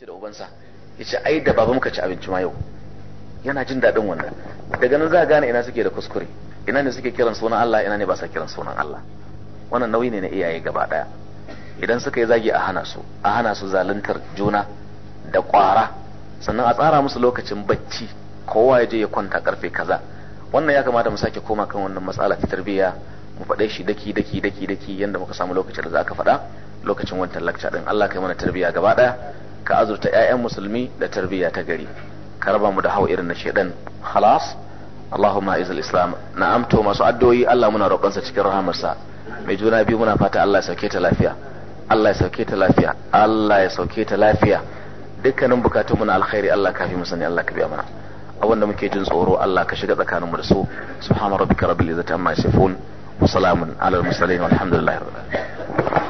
ce da ubansa ya ce ai da baba muka ci abinci ma yau yana jin daɗin wannan daga nan za a gane ina suke da kuskure ina ne suke kiran sunan Allah ina ne ba sa kiran sunan Allah wannan nauyi ne na iyaye gaba ɗaya idan suka yi zagi a hana su a hana su zaluntar juna da ƙwara sannan a tsara musu lokacin bacci kowa ya je ya kwanta karfe kaza wannan ya kamata mu sake koma kan wannan matsala ta tarbiyya mu faɗe shi daki daki daki daki yanda muka samu lokacin da za ka faɗa lokacin wancan lakca din Allah kai mana tarbiyya gaba ɗaya ka azurta 'ya'yan musulmi da tarbiyya ta gari ka raba mu da hau irin na shedan halas Allahumma izal islam na'am to masu addu'o'i Allah muna roƙonsa cikin rahamarsa mai juna biyu muna fata Allah ya sauke ta lafiya Allah ya sauke ta lafiya Allah ya sauke ta lafiya dukkanin bukatun mu na alkhairi Allah kafi mu sani Allah ka biya mana abin da muke jin tsoro Allah ka shiga tsakaninmu da su subhana rabbika rabbil izzati amma yasifun wa salamun alal mursalin walhamdulillahi rabbil alamin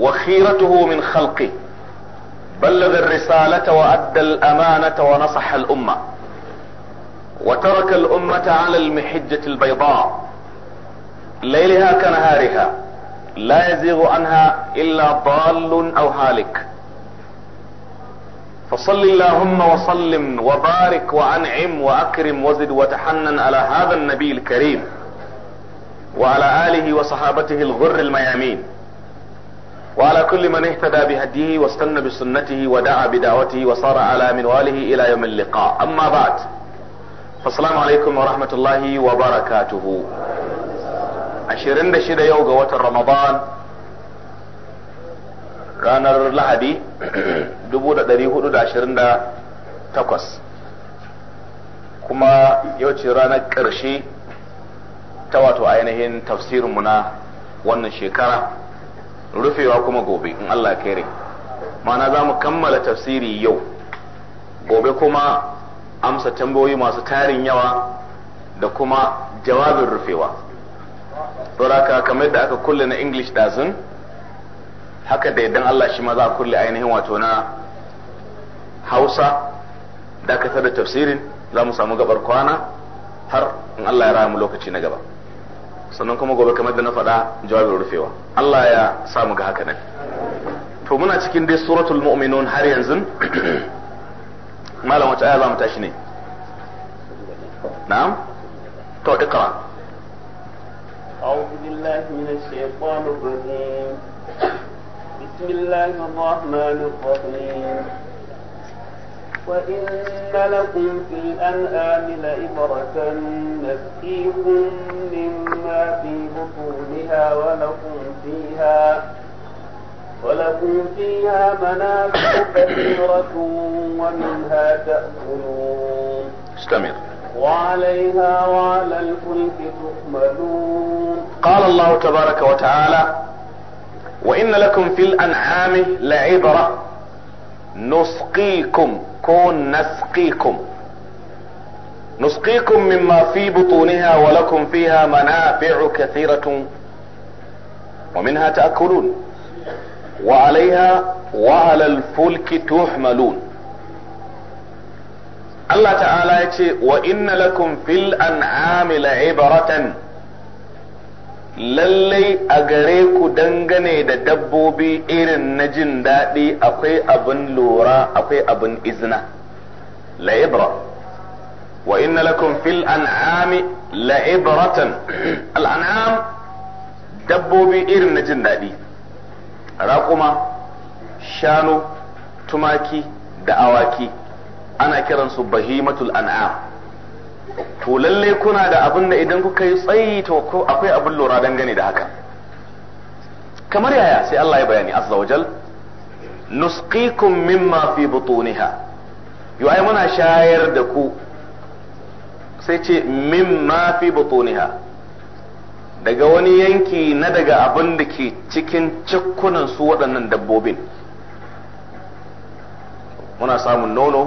وخيرته من خلقه بلغ الرسالة وأدى الأمانة ونصح الأمة وترك الأمة على المحجة البيضاء ليلها كنهارها لا يزيغ عنها إلا ضال أو هالك فصل اللهم وسلم وبارك وأنعم وأكرم وزد وتحنن على هذا النبي الكريم وعلى آله وصحابته الغر الميامين وعلى كل من اهتدى بهديه واستنى بسنته ودعا بدعوته وصار على منواله إلى يوم اللقاء أما بعد فالسلام عليكم ورحمة الله وبركاته عشرين دشيدة يوغا وتر رمضان ranar lahadi 1428 kuma yau ce ranar ƙarshe ta wato ainihin tafsirinmu na wannan shekara rufewa kuma gobe in Allah kere mana za mu kammala tafsiri yau gobe kuma amsa tambayoyi masu tarin yawa da kuma jawabin rufewa saboda kamar da aka kulle na english dazun haka da idan Allah shi ma za a kulle ainihin wato na hausa dakatar da tafsirin za mu samu gabar kwana har in Allah ya raya mu lokaci na gaba sannan kuma gobe kamar da na faɗa jawabin rufewa Allah ya samu ga haka nan to muna cikin dai suratul mu'minun har yanzu malam wata aya za mu tashi ne na'am to iqra أعوذ بالله من الشيطان الرجيم بسم الله الرحمن الرحيم وإن لكم في الأنعام لعبرة نسقيكم مما في بطونها ولكم فيها ولكم فيها منافع كثيرة ومنها تأكلون استمر وعليها وعلى الفلك تحملون قال الله تبارك وتعالى وإن لكم في الأنعام لعبرة نسقيكم كون نسقيكم نسقيكم مما في بطونها ولكم فيها منافع كثيرة ومنها تأكلون وعليها وعلى الفلك تحملون الله تعالى يقول وإن لكم في الأنعام لعبرة lallai a gare ku dangane da dabbobi irin na jin daɗi akwai abin lura akwai abin izina La la'ibra wa inna lakum fil an'ami la'ibratan al'an'am dabbobi irin na jin daɗi raƙuma shanu tumaki da awaki ana kiransu bahimatul an'am to lalle kuna da abin da idan kuka yi tsayi to ko akwai abin lura dangane da haka kamar yaya sai Allah ya bayani azza wajal nusqikum mimma fi butuniha yu ai muna shayar da ku sai ce mimma fi butuniha daga wani yanki na daga abin da ke cikin cikkunan su waɗannan dabbobin muna samun nono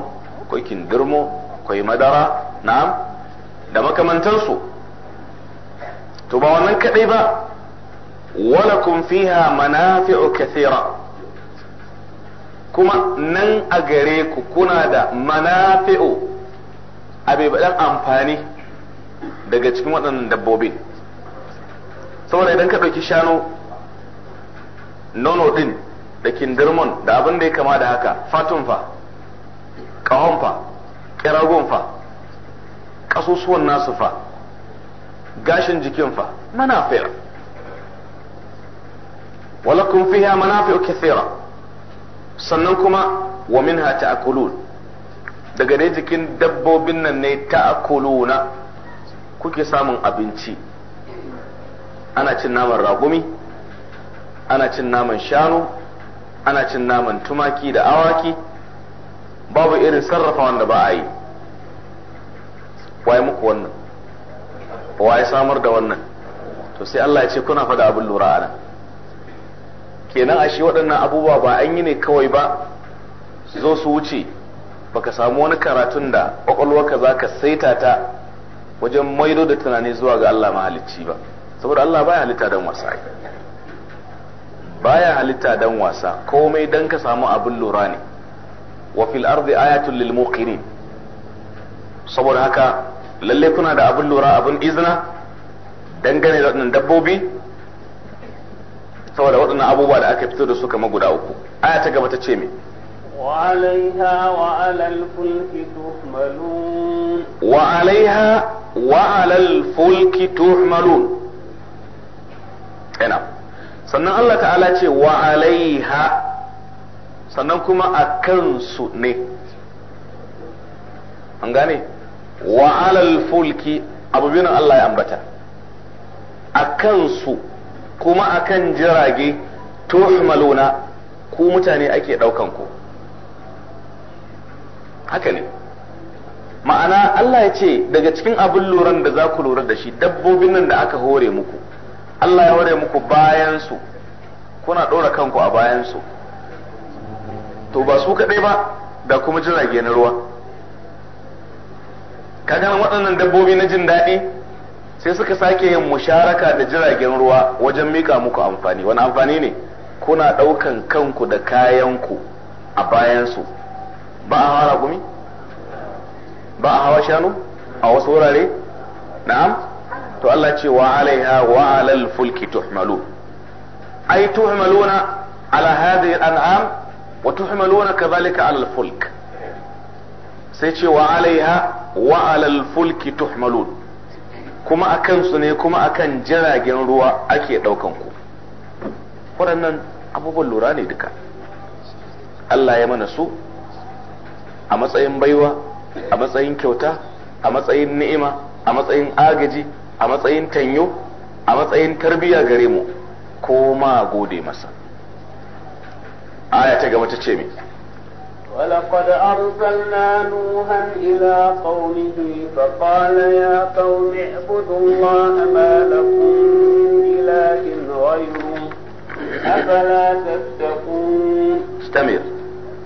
akwai kindirmo akwai madara na'am da makamantansu to ba wannan kadai ba kun fiha manafi'u kathira kuma nan a gare ku kuna da manafi'u abebadan amfani daga cikin waɗannan dabbobin saboda idan ka ɗauki shanu nono din da kindirmon da abin da ya kama da haka fatun fa ƙiragun fa ƙasusuwan nasu fa gashin jikin fa manafi'a walakum fiha manafi'u kathira sannan kuma wa minha ta'kulun daga dai jikin dabbobin nan ne ta'kuluna kuke samun abinci ana cin naman ragumi ana cin naman shanu ana cin naman tumaki da awaki babu irin sarrafa wanda ba a yi waye muku wannan waye samar da wannan to sai Allah ya ce kuna fada abin lura ana kenan shi waɗannan abubuwa ba an yi ne kawai ba su zo su wuce baka samu wani karatun da kwakwalwarka za ka saita ta wajen maido da tunani zuwa ga Allah mahalicci ba saboda Allah baya halitta dan wasa baya halitta dan wasa komai dan ka samu abin lura ne wa fil ardi ayatul lil muqinin saboda haka lalle kuna da abin lura abin izna dangane da waɗannan dabbobi saboda waɗannan abubuwa da aka fito da su kamar guda uku aya ta gaba ta ce me وعليها وعلى الفلك تحملون وعليها وعلى fulki تحملون Ina sannan Allah ta'ala ce wa alaiha sannan kuma a kansu ne an gane wa alal fulki abu Allah ya ambata a kansu kuma a kan jirage tuhmaluna ku mutane ake ɗaukan ku haka ne ma'ana Allah ya ce daga cikin abin luran da za ku lura da shi dabbobin nan da aka hore muku Allah ya hore muku bayansu kuna ɗora kanku a bayansu to ba su kaɗai ba da kuma jirage na ruwa kaga waɗannan dabbobi na jin daɗi sai suka sake yin musharaka da jiragen ruwa wajen mika muku amfani wani amfani ne kuna ɗaukan kanku da kayanku a bayansu ba a hawa gumi ba a hawa shanu a wasu wurare na'am to Allah ce wa alaiha wa alal fulki tuhmalu ai tuhmaluna ala hadhihi an'am wa tuhmaluna kadhalika alal fulk sai ce wa alaiha wa fulki tuhmalun kuma akan su ne kuma akan jiragen ruwa ake daukan ku waɗannan abubuwan lura ne duka Allah ya mana su a matsayin baiwa a matsayin kyauta a matsayin ni'ima a matsayin agaji a matsayin tanyo a matsayin tarbiyya gare mu ko ma gode masa آية ta gaba ولقد أرسلنا نوحا إلى قومه فقال يا قوم اعبدوا الله ما لكم من إله غيره أفلا تتقون استمر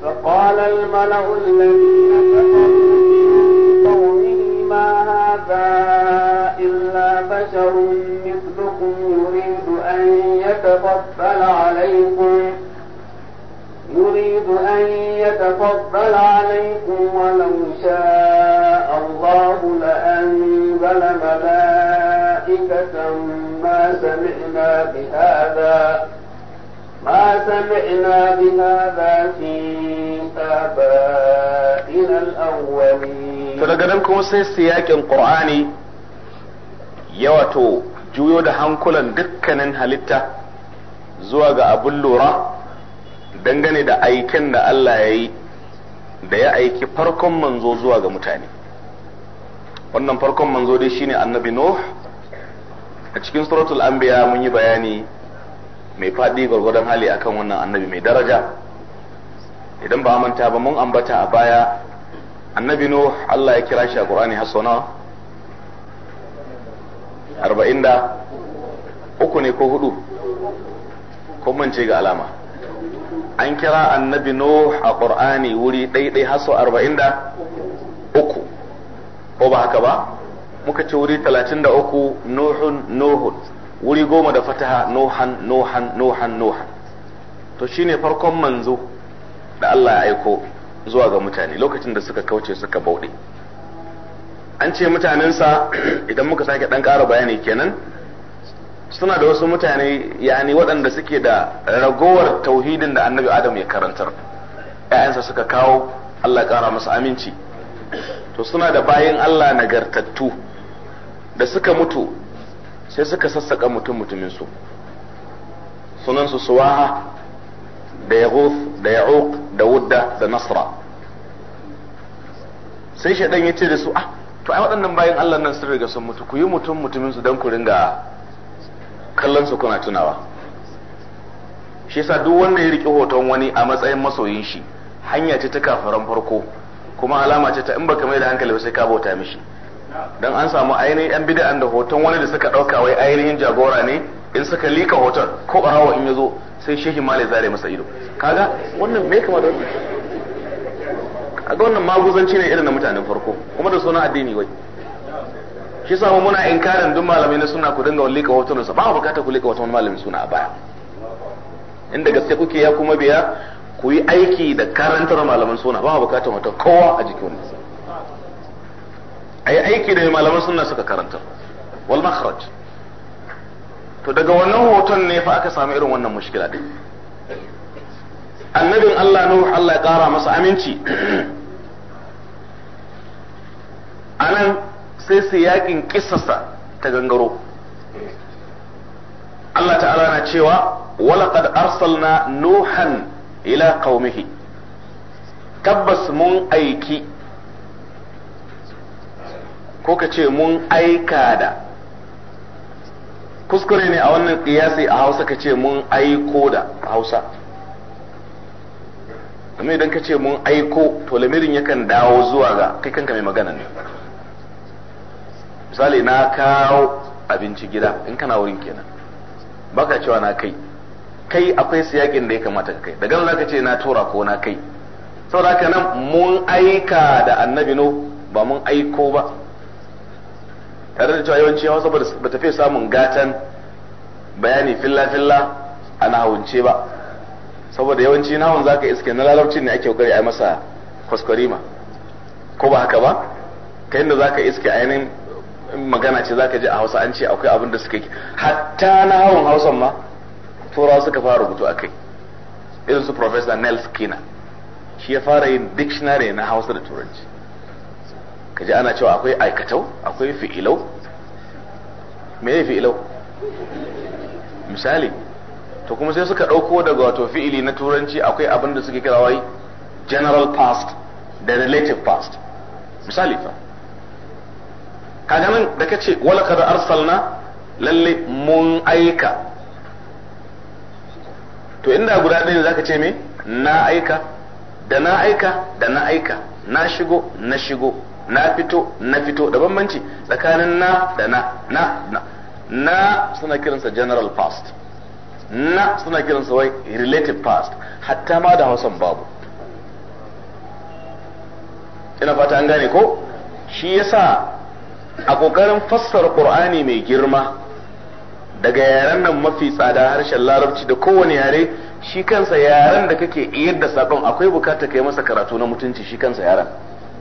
فقال الملأ الذين كفروا من قومه ما هذا إلا بشر مثلكم يريد أن يتفضل عليكم يريد أن يتفضل عليكم ولو شاء الله لأنزل ملائكة ما سمعنا بهذا ما سمعنا بهذا في آبائنا الأولين فلقدم كم سياق القرآن يوتو juyo da hankulan dukkanin halitta zuwa ga abin lura dangane da aiken da Allah ya yi da ya aiki farkon manzo zuwa ga mutane wannan farkon manzo dai shine annabi Nuh a cikin suratul anbiya mun yi bayani mai faɗi gwargwadon hali akan wannan annabi mai daraja idan ba manta ba mun ambata a baya annabi Nuh Allah ya kira shi a Qur'ani hasana arba'in da uku ne ko hudu ko mance ga alama an kira annabi Nuh a Qur'ani wuri ɗaiɗai har arba'in da uku ko ba haka ba muka ce wuri talatin da uku Nuhun Nuhun wuri goma da fataha Nuhan Nuhan Nuhan Nuhan to shine farkon manzo da Allah ya aiko zuwa ga mutane lokacin da suka kauce suka bauɗe an ce mutanensa idan muka sake ɗan ƙara bayani kenan suna da wasu mutane yani waɗanda suke da ragowar tauhidin da annabi adam ya karantar ‘ya'yansa suka kawo Allah ƙara masa aminci to suna da bayan Allah nagartattu da suka mutu sai suka sassaƙa mutum mutuminsu sunansu suwaha da yaghuth da ya'uq da wudda da nasra sai shaɗan ya ce da su ah to ai waɗannan bayan Allah nan sun riga sun mutu ku yi mutum mutuminsu don ku ringa kallon su kuna tunawa shi yasa duk wanda ya riƙe hoton wani a matsayin masoyin shi hanya ce ta kafaran farko kuma alama ce ta in baka mai da hankali ba sai ka bauta mishi dan an samu ainihin yan bid'an da hoton wani da suka dauka wai ainihin jagora ne in suka lika hoton ko barawa in yazo sai shehi male zare masa ido kaga wannan me kama da kaga wannan maguzanci ne irin na mutanen farko kuma da sunan addini wai shi yasa mu muna inkarin duk malamai na suna ku dinga wallika hotunan sa ba bukata ku lika hotunan malamin suna a baya inda gaske kuke ya kuma biya ku yi aiki da karantar malaman suna ba bukata wata kowa a jikin wani a yi aiki da malaman suna suka karantar wal makharaj to daga wannan hoton ne fa aka samu irin wannan mushkila din annabin Allah nuhu Allah ya kara masa aminci anan sai su yakin kisasa ta gangaro Allah ta'ala na cewa walaqad arsalna nuhan ila qaumihi tabbas mun aiki ko ka ce mun aika da kuskure ne a wannan ƙiyasi a hausa ka ce mun aiko da a hausa kuma idan ka ce mun aiko to lamirin yakan dawo zuwa ga kai kanka mai magana ne misali na kawo abinci gida in kana wurin kenan baka cewa na kai kai akwai siyakin da ya kamata ka kai da gan zaka ce na tura ko na kai saboda haka nan mun aika da annabi no ba mun aiko ba tare da cewa yawanci hausa ba ta fi samun gatan bayani filla filla a nahawunce ba saboda yawanci nahawun zaka iske na lalaucin ne ake kokari a masa kwaskwarima ko ba haka ba ta yadda zaka iske ainihin magana ce zaka ji a Hausa an ce akwai abin da suka yi hatta na hawan Hausa ma turawa suka fara rubutu akai irin su Professor Nels Kina shi ya fara yin dictionary na Hausa da Turanci kaji ana cewa akwai aikatau akwai fi'ilau me fi'ilau misali to kuma sai suka ɗauko daga wato fi'ili na turanci akwai abin da suke kira wai general past da relative past misali fa kaga nan da kace wala kada arsalna lalle mun aika to inda guda ɗaya zaka ce me na aika da na aika da na aika na shigo na shigo na fito na fito da bambanci tsakanin na da na na na na suna kiransa general past na suna kiransa wai relative past hatta ma da hausan babu ina fata an gane ko shi yasa a ƙoƙarin fassara ƙur'ani mai girma daga yaren nan mafi tsada harshen larabci da kowane yare shi kansa yaren da kake iyar da sakon akwai bukata kai masa karatu na mutunci shi kansa yaren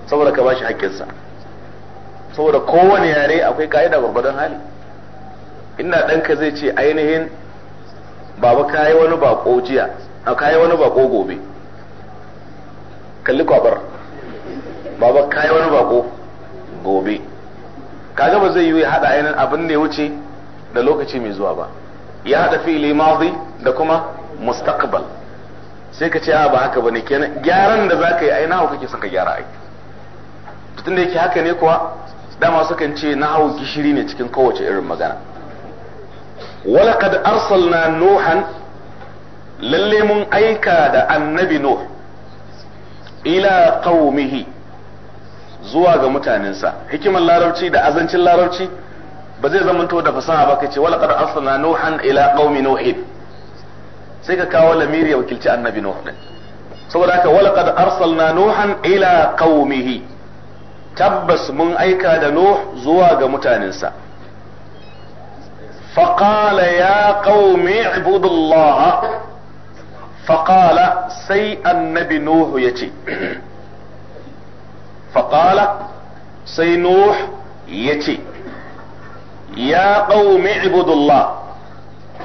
saboda ka bashi haƙƙinsa saboda kowane yare akwai ka'ida gwargwadon hali ina ɗanka zai ce ainihin baba kayi wani bako jiya a kayi wani bako gobe kalli kwabar baba kayi wani bako gobe kaga ba zai yi ya hada ainihin abin da ya wuce da lokaci mai zuwa ba ya hada fi'ili madi da kuma mustaqbal sai ka ce a ba haka bane kenan gyaran da zaka yi ai nawa kake son ka gyara ai da yake haka ne kuwa dama kan ce na hawo gishiri ne cikin kowace irin magana kad arsalna nuhan lalle mun aika da annabi nuh ila qaumihi zuwa ga mutanensa hikimar larabci da azancin larabci ba zai zamanto da fasaha ba kace wala qad arsalna nuhan ila qaumi nuhin sai ka kawo lamiri ya wakilci annabi nuh din saboda haka wala qad arsalna nuhan ila qaumihi tabbas mun aika da nuh zuwa ga mutanensa فقال يا قوم اعبدوا الله فقال سي النبي نوح يتي faƙala sai nuh ya ce ya ƙaumi ibudullah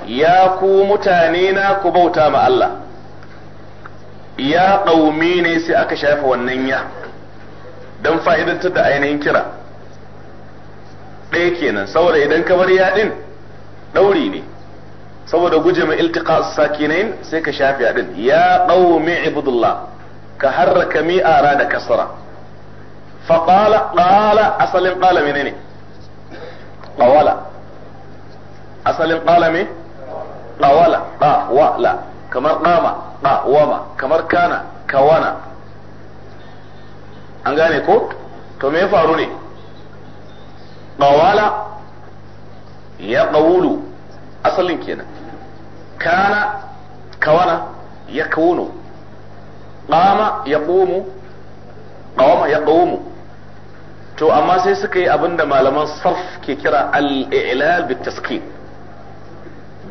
ya ku mutane na ku bauta ma Allah ya ƙaumi ne sai aka shafa wannan ya don fa'idantar da ainihin kira ɗaya kenan saboda idan ka bar yaɗin ɗauri ne saboda guje ma iltiqa sakinain sai ka shafi yaɗin ya ƙaumi ibudullah ka harraka mi'ara da kasara fa qala qala asalin qala menene qawala asalin qala me qawala qawala kamar qama qawama kamar kana kawana an gane ko to me faru ne qawala ya qawulu asalin kenan kana kawana ya kawunu qama ya qumu ya to amma sai suka yi abin da malaman sarf ke kira al-i'lal bit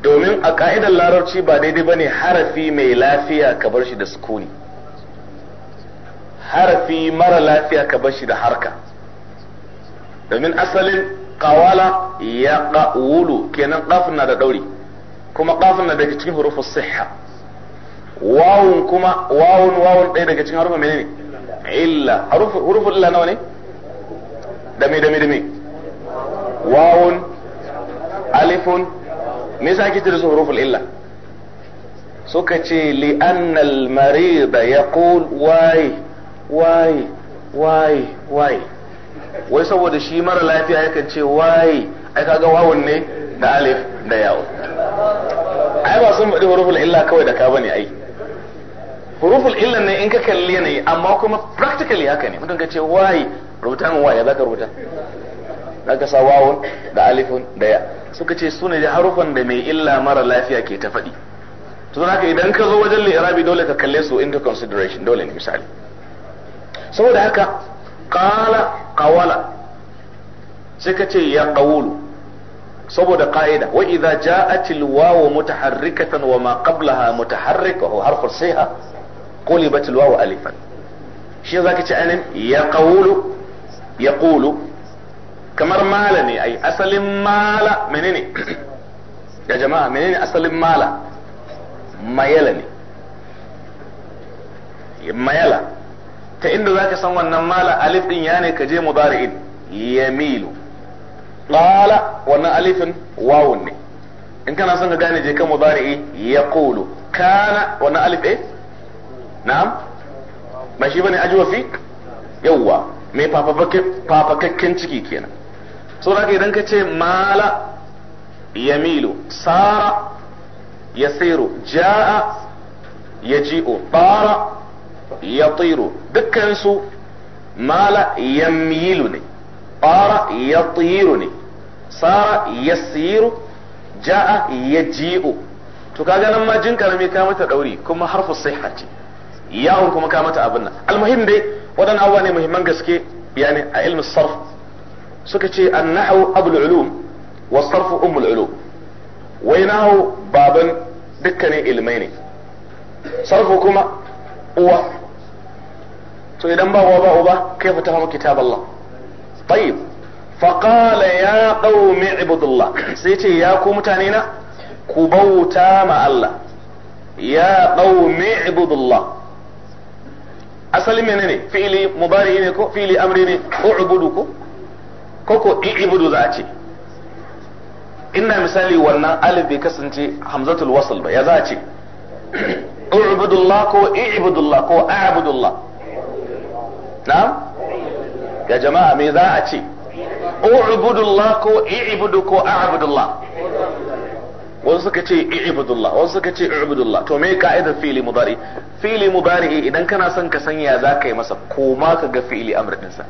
domin a ka'idar larabci ba daidai bane harafi mai lafiya ka bar shi da sukuni harafi mara lafiya ka bar shi da harka domin asalin qawala ya qawulu kenan qafin na da dauri kuma qafin na daga cikin hurufin sihha wawun kuma wawun wawun ɗaya daga cikin harufin menene illa hurufin illa nawa ne Dami dami da wawun alifun me yasa ake tirsu huruful illa suka ce li annal marida yaqul wai wai wai wai wai saboda shi mara lafiya yakan ce wai ai kaga wawun ne da alif da yawo ai ba sun faɗi huruful illa kawai da ka bane ai huruful illa ne in ka kalli yanayi amma kuma practically haka ne mutum ka ce wai rubuta min wa ya zaka rubuta ka sa wawun da alifun da ya suka ce sune da harufan da mai illa mara lafiya ke ta faɗi to haka idan ka zo wajen li'irabi dole ka kalle su into consideration dole ne misali saboda haka qala qawala sai ka ce ya qawulu saboda qa'ida wa idza ja'at al-wawu mutaharrikatan wa ma qablaha mutaharrik wa harfu siha qulibat al-wawu alifan shi zaka ce anan ya qawulu ya kamar mala ne ai asalin mala menene ya jama'a menene asalin mala mayala ne mayala ta inda zaka san wannan mala alif din ya ne ka kaje mudari'in yamilu qala wannan alifin wawun ne in kana son ka gane je kan mudari'i yaqulu kana wannan alif eh na'am ba shi bane ajwa fi yawwa mai fafakakken ciki kenan so da idan ka ce mala yamilu sara yasiru ja'a ya ji'o bara ya dukkan dukkansu mala milo ne bara yatiru ne sara yasiru ja'a yaji'u to kaga nan ma jin karami ka mata dauri kuma harfu sai ce yawon kuma ka mata abin nan almuhim dai waɗannan abubuwa ne muhimman gaske yani a ilmin sarf suka ce an nahawu abul ulum wa sarfu ummul ulum wai nahawu baban dukkanin ilmai ne sarfu kuma uwa to idan ba uwa ba uba kai fa tafamu kitab Allah tayyib فقال يا قوم sai الله ya ku قوم تانينا كبوتا مع الله يا قوم اعبدوا الله asalin menene fi'ili mubari ne ko fi'ili amri ne u'budu ko ko ko i'budu za a ce ina misali wannan alif bai kasance hamzatul wasl ba ya za a ce u'budullah ko i'budullah ko a'budullah na'am ya jama'a me za a ce u'budullah ko i'budu ko a'budullah wasu suka ce i'budullah wasu suka ce i'budullah to me ka'idar fi'li mudari fi'li mudari idan kana son ka sanya za ka yi masa ma ka ga fi'li amr dinsa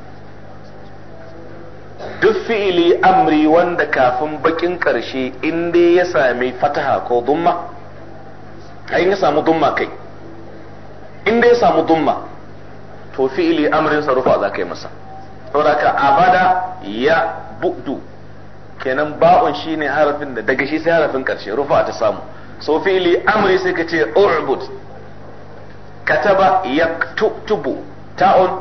duk fili amri wanda kafin bakin karshe in dai ya sami fataha ko dumma ai ya samu dumma kai in dai ya samu dumma to fi'li amrin sa rufa za ka yi masa saboda ka abada ya budu kenan ba'un shine harafin da daga shi sai harafin karshe rufa ta samu so fi'li amri sai ka ce u'bud kataba yaktubu ta'un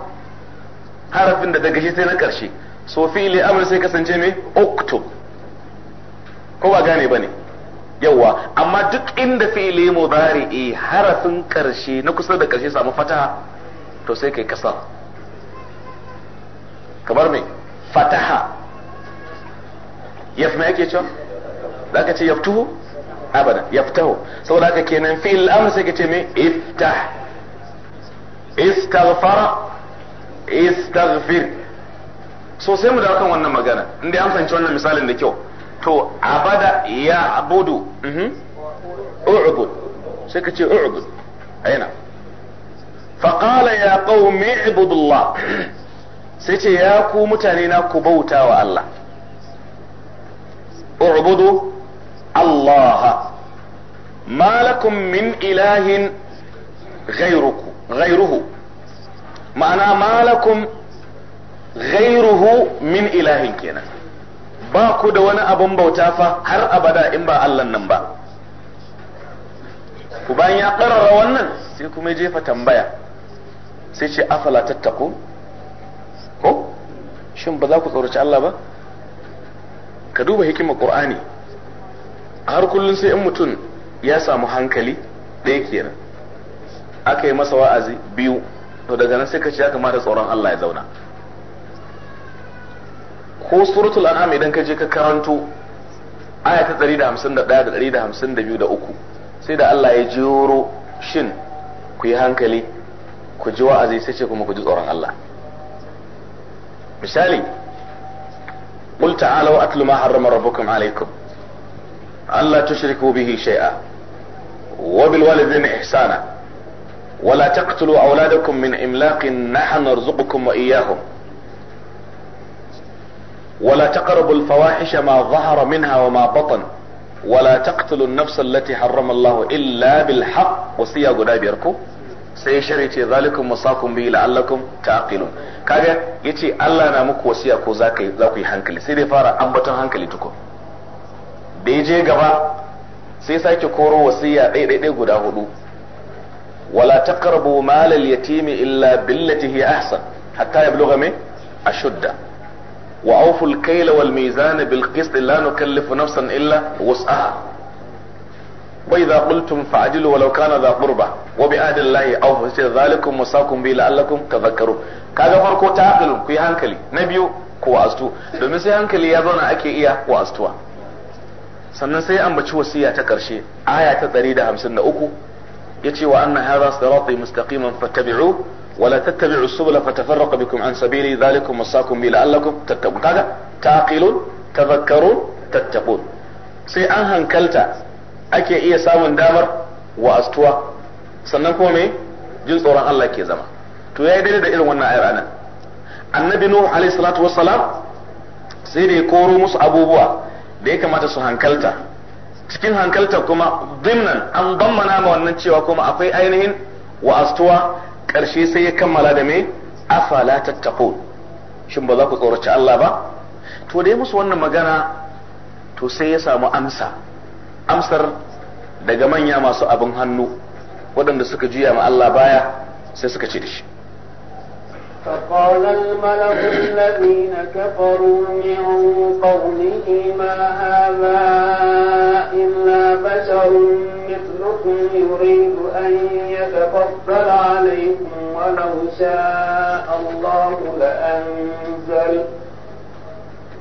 harafin da daga shi sai na karshe so fi'li amri sai kasance me uktub ko ba gane bane yawa amma duk inda fi'ili mudari'i harafin karshe na kusa da karshe samu fataha to sai kai kasar kamar me fataha yaf yake cewa zaka ce yaftuhu abada yaftahu saboda haka kenan fil amr sai ka ce me iftah istaghfara istaghfir so sai mu dawo kan wannan magana inda an fahimci wannan misalin da kyau to abada ya abudu mhm. u'bud sai ka ce u'bud aina faqala ya qaumi ibudullah sai ce ya ku mutane na ku bauta wa Allah اعبدوا الله ما لكم من إله غيرك غيره معنى ما لكم غيره من da wani abun bauta fa har abada in ba Allah nan ba ku bayan ya karara wannan sai kuma jefa tambaya sai ce afala tattaku ko shin ba za ku tsoraci Allah ba ka duba hikimar qur'ani har kullun sai in mutum ya samu hankali ɗaya kenan aka yi masa wa'azi biyu to daga nan sai ka ce ya kamata tsoron Allah ya zauna ko suratul an'am idan ka je ka karanto aya ta 151 da 152 da 3 sai da Allah ya jero shin ku yi hankali ku ji wa'azi sai ce kuma ku ji tsoron Allah misali قل تعالوا أتل ما حرم ربكم عليكم ألا تشركوا به شيئا وبالوالدين إحسانا ولا تقتلوا أولادكم من إملاق نحن نرزقكم وإياهم ولا تقربوا الفواحش ما ظهر منها وما بطن ولا تقتلوا النفس التي حرم الله إلا بالحق وصية قدابيركم sai ya shari ce zalikum musakum bi la'allakum ta'qilun kaga yace Allah na muku wasiya ko za ku yi hankali sai dai fara ambaton hankali tuko da je gaba sai sake koro wasiya ɗaya ɗaya guda hudu wala taqrabu mal al-yatimi illa billati hi ahsan hatta yablugha min ashudda wa awfu kai kayla wal mizana bil qist la nukallifu nafsan illa wus'aha wa idza qultum fa'dilu walau kana za qurba wa bi ahdillahi awfu sai zalikum musakum bi la'allakum tadhakkarun kaga farko ta aqlu ku yi hankali na biyu ku wa'astu domin sai hankali ya zauna ake iya sannan sai an baci wasiya ta karshe aya ta 153 yace wa anna hadha sirati mustaqiman fattabi'u ولا تتبعوا السبل فتفرق بكم عن سبيلي ذلكم وصاكم bi لعلكم تتقون kaga taqilun tafakkarun tattaqun sai an hankalta ake iya samun damar wa'astuwa sannan kuma me jin tsoron Allah ke zama to yayi daidai da irin wannan ayar anan annabi nuhu alaihi salatu wassalam sai da ya koro musu abubuwa da ya kamata su hankalta cikin hankalta kuma dimnan an bammana ma wannan cewa kuma akwai ainihin wa'astuwa ƙarshe sai ya kammala da me afala tattaqu shin ba za ku tsoraci Allah ba to da ya musu wannan magana to sai ya samu amsa amsar daga manya masu abin hannu waɗanda suka juya ma Allah baya sai suka ce da shi فقال الملأ الذين كفروا من قومه ما هذا إلا بشر مثلكم يريد أن يتفضل عليكم ولو شاء الله لأنزل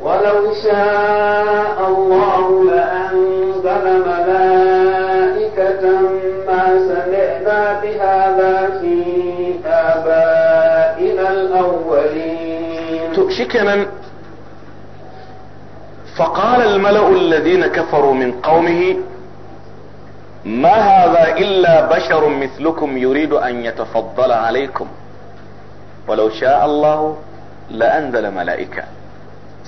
ولو شاء الله لأنزل ملائكة ما سمعنا بهذا في آبائنا الأولين من فقال الملأ الذين كفروا من قومه ما هذا إلا بشر مثلكم يريد أن يتفضل عليكم ولو شاء الله لأنزل ملائكة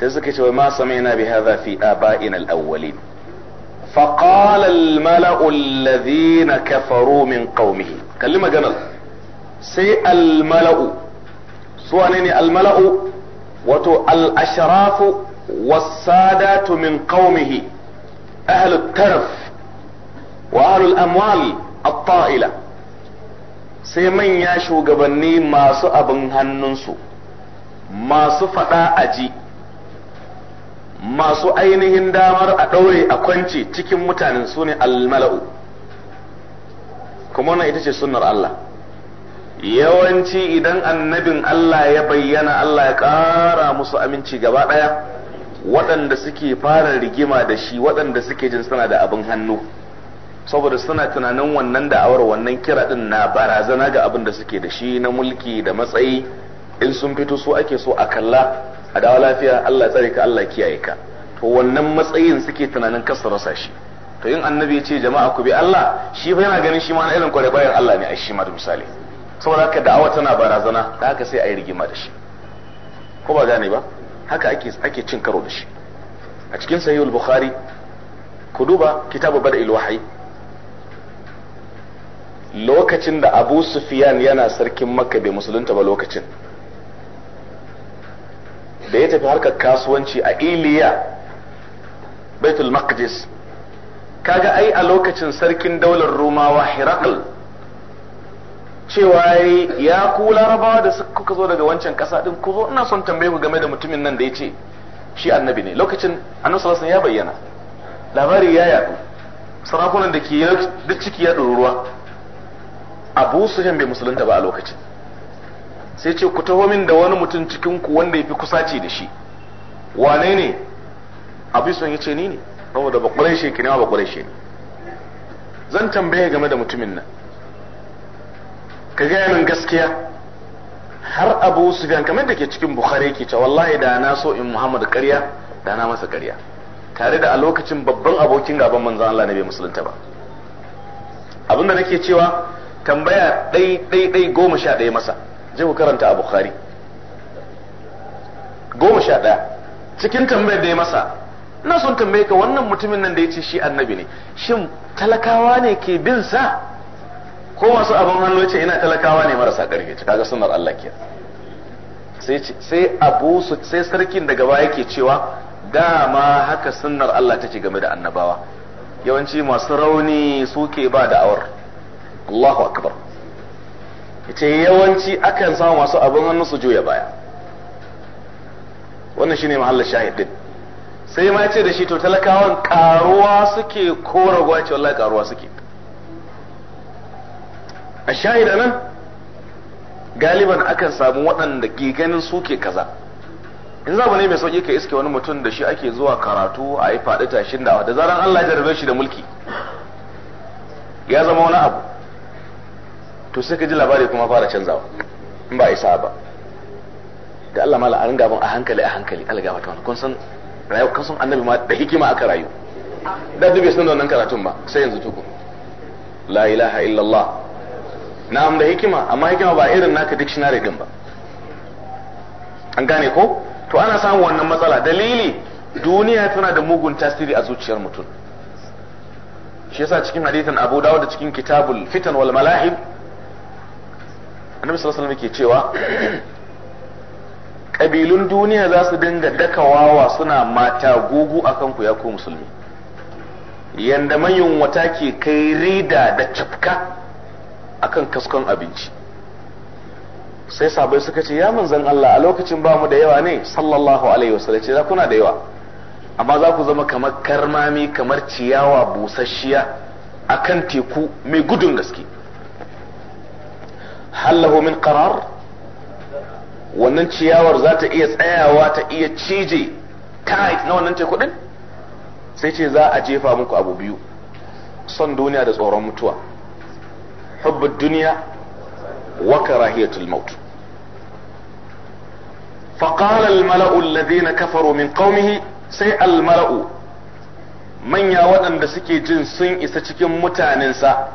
sai suka ce ma sami'na bi hadha fi aba'ina al-awwalin فقال الملأ الذين كفروا من قومه كلمة جنر سي الملأ سوانين الملأ وتو الأشراف والسادات من قومه أهل الترف وأهل الأموال الطائلة sai manya shugabanni masu abin hannunsu masu faɗa aji masu ainihin damar a ɗaure a kwance cikin mutanen su ne almala'u kuma wannan ita ce sunar Allah yawanci idan annabin Allah ya bayyana Allah ya ƙara musu aminci gaba ɗaya waɗanda suke fara rigima da shi waɗanda suke jin suna da abin hannu saboda suna tunanin wannan da'awar wannan kira ɗin na barazana ga abin da suke da shi na mulki da matsayi in sun fito su ake so a kalla a dawo lafiya Allah tsare ka Allah kiyaye ka to wannan matsayin suke tunanin kasa rasa shi to yin annabi ya ce jama'a ku bi Allah shi fa yana ganin shi ma na irin kware bayan Allah ne a shi ma da misali saboda haka da'awa tana barazana da haka sai a yi rigima da shi ko ba gane ba haka ake ake cin karo da shi a cikin sahihul bukhari ku duba kitabu bada'il wahyi lokacin da abu sufyan yana sarkin makka bai musulunta ba lokacin da ya tafi harkar kasuwanci a iliya baitul maqdis kaga ai a lokacin sarkin daular rumawa hirakl cewa ya ku larabawa da kuka zo daga wancan kasa din ku zo ina son tambaye ku game da mutumin nan da ya ce shi annabi ne lokacin annabi sallallahu ya bayyana labari ya yadu sarakunan da ke duk ciki ya ruwa abu sufyan bai musulunta ba a lokacin sai ce ku taho min da wani mutum cikin ku wanda ya fi kusaci da shi wane ne abisun ya ce ni ne saboda ba ƙurai ki ne ba ƙurai ne zan tambaye game da mutumin nan ka gaya min gaskiya har abu sufyan kamar da ke cikin bukhari ke cewa wallahi da na so in muhammad karya da na masa karya. tare da a lokacin babban abokin gaban manzon Allah na bai musulunta ba abinda nake cewa tambaya ɗai ɗai ɗai goma sha ɗaya masa je ku karanta a bukhari goma sha ɗaya cikin tambayar da ya masa ina son tambaye ka wannan mutumin nan da ya ce shi annabi ne shin talakawa ne ke bin sa ko masu abin hannu ce ina talakawa ne marasa ƙarfi cika ga sunar Allah ke sai abu su sai sarkin daga baya yake cewa dama haka sunnar Allah ta take game da annabawa yawanci masu rauni suke ba da awar Allahu akbar ce yawanci akan samu masu abin hannu su juya baya wannan shine mahallar shahidin sai ma ce da shi to talakawan karuwa suke kora raguwa ce wallahi karuwa suke a shahida nan galiban akan samu waɗanda ke ganin suke kaza in za ne mai sauki ka iske wani mutum da shi ake zuwa karatu a yi faɗi tashin da da zaran Allah ya jarabe shi da mulki ya zama wani abu to sai ka ji labari kuma fara canzawa in ba isa ba da Allah mala a ringa bin a hankali a hankali Allah mata wani kun san rayu kun san annabi ma da hikima aka rayu da duk bai san wannan karatun ba sai yanzu tuku la ilaha illallah na'am da hikima amma hikima ba irin naka dictionary din ba an gane ko to ana samun wannan matsala dalili duniya tana da mugun tasiri a zuciyar mutum shi yasa cikin hadithan Abu Dawud da cikin kitabul fitan wal malahib annabi sallallahu alaihi ke cewa kabilun duniya za su dinga dakawawa suna mata gugu akan ku ya ku musulmi yanda manyan wata ke kai rida da cafka akan kaskon abinci sai sabai suka ce ya manzan Allah a lokacin ba mu da yawa ne sallallahu alaihi wasallam ce za kuna da yawa amma za ku zama kamar karmami kamar ciyawa busasshiya akan teku mai gudun gaske hallahu min qarar wannan ciyawar za ta iya tsayawa ta iya cije kite na wannan teku sai ce za a jefa muku abu biyu son duniya da tsoron mutuwa hubbar duniya wa karahiyatul maut فقال الملأ الذين كفروا min قومه sai al-mala'u. manya waɗanda suke jin sun isa cikin mutanensa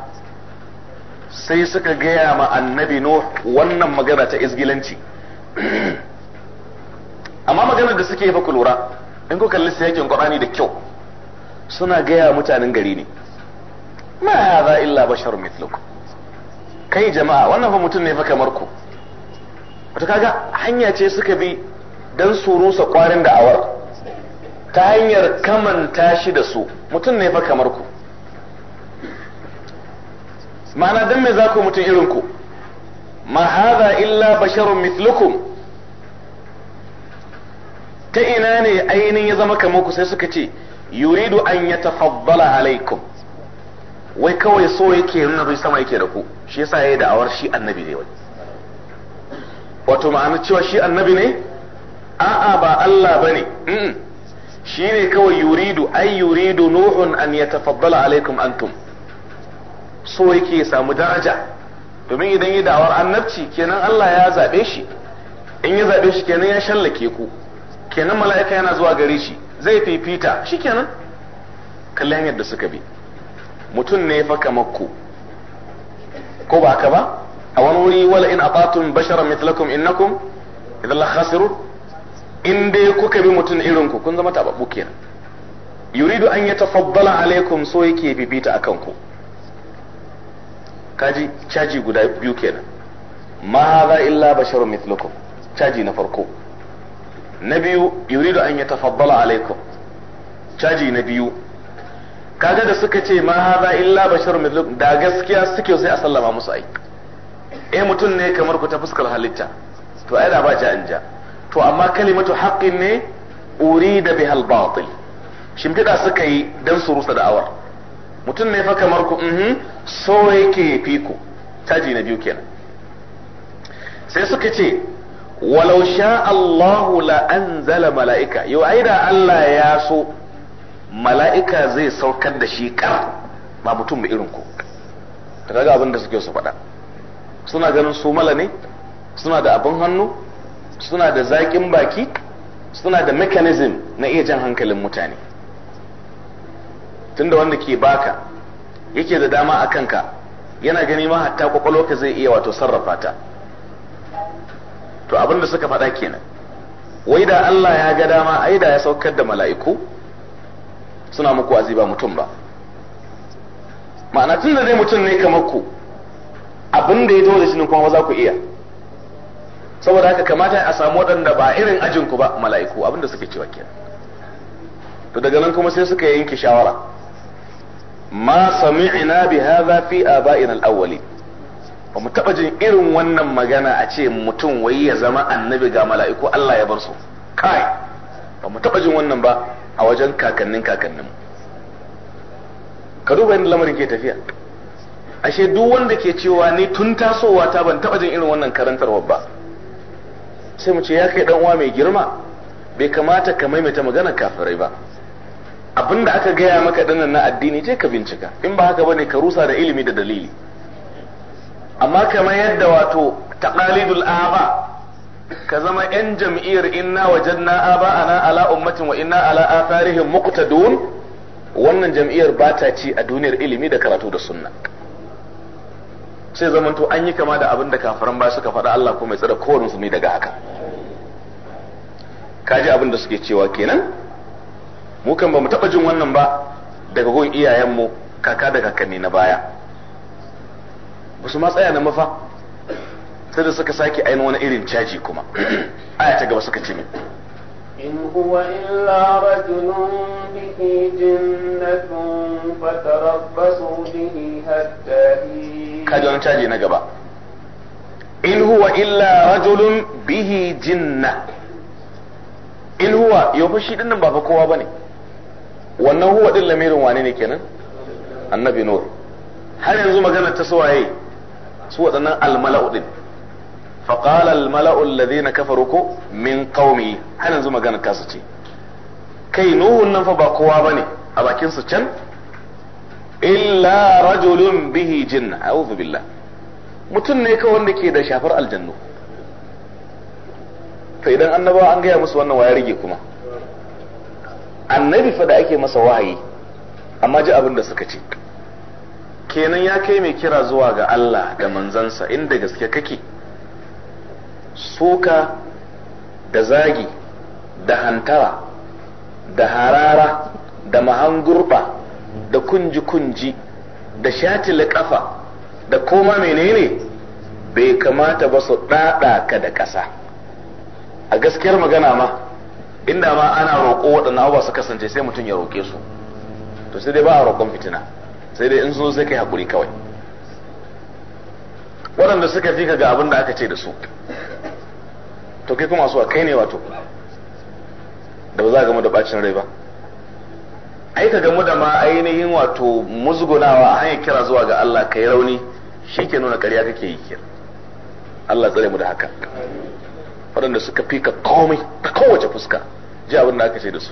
sai suka gaya ma annabi Nuh wannan magana ta izgilanci amma maganar da suke fa lura in ku kalli siyakin Qur'ani da kyau suna gaya mutanen gari ne ma hadha illa bashar mithlukum kai jama'a wannan fa mutum ne fa kamar ku wato kaga hanya ce suka bi dan su rusa kwarin awar ta hanyar kamanta shi da su mutum ne fa kamar ku ma'ana dan me za ku mutum irin ku ma hadha illa basharun mithlukum ta ina ne ainihin ya zama kamar ku sai suka ce yuridu an yatafaddala alaikum wai kawai so yake nuna bai sama yake da ku shi yasa yayi da'awar shi annabi ne wai wato ma'ana cewa shi annabi ne a'a ba Allah bane shi ne kawai yuridu ay yuridu nuhun an yatafaddala alaikum antum so yake samu daraja domin idan yi da'awar annabci kenan Allah ya zabe shi in ya zaɓe shi kenan ya shallake ku kenan mala'ika yana zuwa gari shi zai fifita shi kenan kallon yadda suka bi mutum ne fa kamar ku ko ba ka ba a wani wuri wala in atatum basharan mithlakum innakum idan la khasirun in dai kuka bi mutum irin ku kun zama tababbu kenan yuridu an yatafaddala alaikum so yake bibita akan ku kaji caji guda biyu kenan ma hadha illa basharun mithlukum caji na farko na biyu yuridu an yatafaddala alaikum caji na biyu kaga da suka ce ma hadha illa basharun mithlukum da gaskiya suke sai a sallama musu ai eh mutum ne kamar ku ta fuskar halitta to ai da ba ja in ja to amma kalimatu haqqin ne urida bihal batil shimfiɗa suka yi dan su rusa da'awar mutum ne fa kamar ku mhm, so yake fi ku caji na biyu kenan sai suka ce walau sha Allahu la anzala mala'ika yau ai da Allah ya so mala'ika zai saukar da shi kar ba mutum ba irin ku kaga abin da suke su faɗa suna ganin su mala ne suna da abin hannu suna da zaƙin baki suna da mechanism na iya jan hankalin mutane tunda wanda ke baka yake da dama a kanka yana gani ma hatta kwakwalwarka zai iya wato sarrafa ta to abin da suka faɗa kenan wai da Allah ya ga dama ai da ya saukar da mala'iku suna muku aziba mutum ba ma'ana tun da dai mutum ne kamar ku abin da ya zo da shi kuma za ku iya saboda haka kamata a samu waɗanda ba irin ajinku ba mala'iku abin da suke cewa kenan to daga nan kuma sai suka yanke shawara ma sami'na bi hadha fi aba'ina al-awwalin ba mu taba jin irin wannan magana a ce mutum wai ya zama annabi ga mala'iku Allah ya bar su kai ba mu taba jin wannan ba a wajen kakannin kakannin ka duba yadda lamarin ke tafiya ashe duk wanda ke cewa ni tun tasowa ta ban taba jin irin wannan karantarwa ba sai mu ce ya kai dan uwa mai girma bai kamata ka maimaita magana kafirai ba abin da aka gaya maka dinnan na addini je ka bincika in ba haka bane ka rusa da ilimi da dalili amma kamar yadda wato taqalidul aba ka zama yan jam'iyyar inna wajadna aba ana ala ummatin wa inna ala atharihim muqtadun wannan jam'iyyar ba ta ci a duniyar ilimi da karatu da sunna sai to an yi kama da abin da kafiran ba suka faɗa Allah ko mai tsare kowane musulmi daga haka kaji abin da suke cewa kenan mu kan ba mu taba jin wannan ba daga gun iyayenmu kaka daga kanni na baya ba ma tsaya na mafa sai da suka sake ainihin wani irin caji kuma aya ta gaba suka ce min in huwa illa rajulun bihi jinnatun fatarabbasu bihi hatta yi kaji wani caji na gaba in huwa illa rajulun bihi jinna in huwa yau fa shi dinnan ba fa kowa bane wannan huwa din lamirin wane ne kenan annabi nur har yanzu magana ta suwaye su waɗannan almala'u din almala'u alladhina kafaru كفروا min qaumi har yanzu magana ta su ce kai nuhun nan fa ba kowa bane a bakin su can illa rajulun bihi jinna a'udhu billah mutum ne kawai wanda ke da shafar aljannu fa idan annabawa an gaya musu wannan waya rige kuma annabi fa da ake masa wahayi amma ji abin da suka ce kenan ya kai mai kira zuwa ga Allah da manzansa inda gaske kake soka da zagi da hantara da harara da mahangurba da kunji-kunji da shatila kafa da koma menene bai kamata ba su ɗaɗa ka da ƙasa a gaskiyar magana ma inda ma ana roƙo waɗannan abubuwa su kasance sai mutum ya roƙe su to sai dai ba a roƙon fitina sai dai in sun sai kai hakuri kawai waɗanda suka fi ka ga abin da aka ce da su to kai kuma su a kai ne wato da ba za a gamu da bacin rai ba ai ka gamu da ma ainihin wato muzgunawa a hanyar kira zuwa ga Allah kai rauni shi ke nuna ƙarya kake yi kira Allah tsare mu da haka waɗanda suka fi ka komai ta kowace fuska ji abin da aka ce da su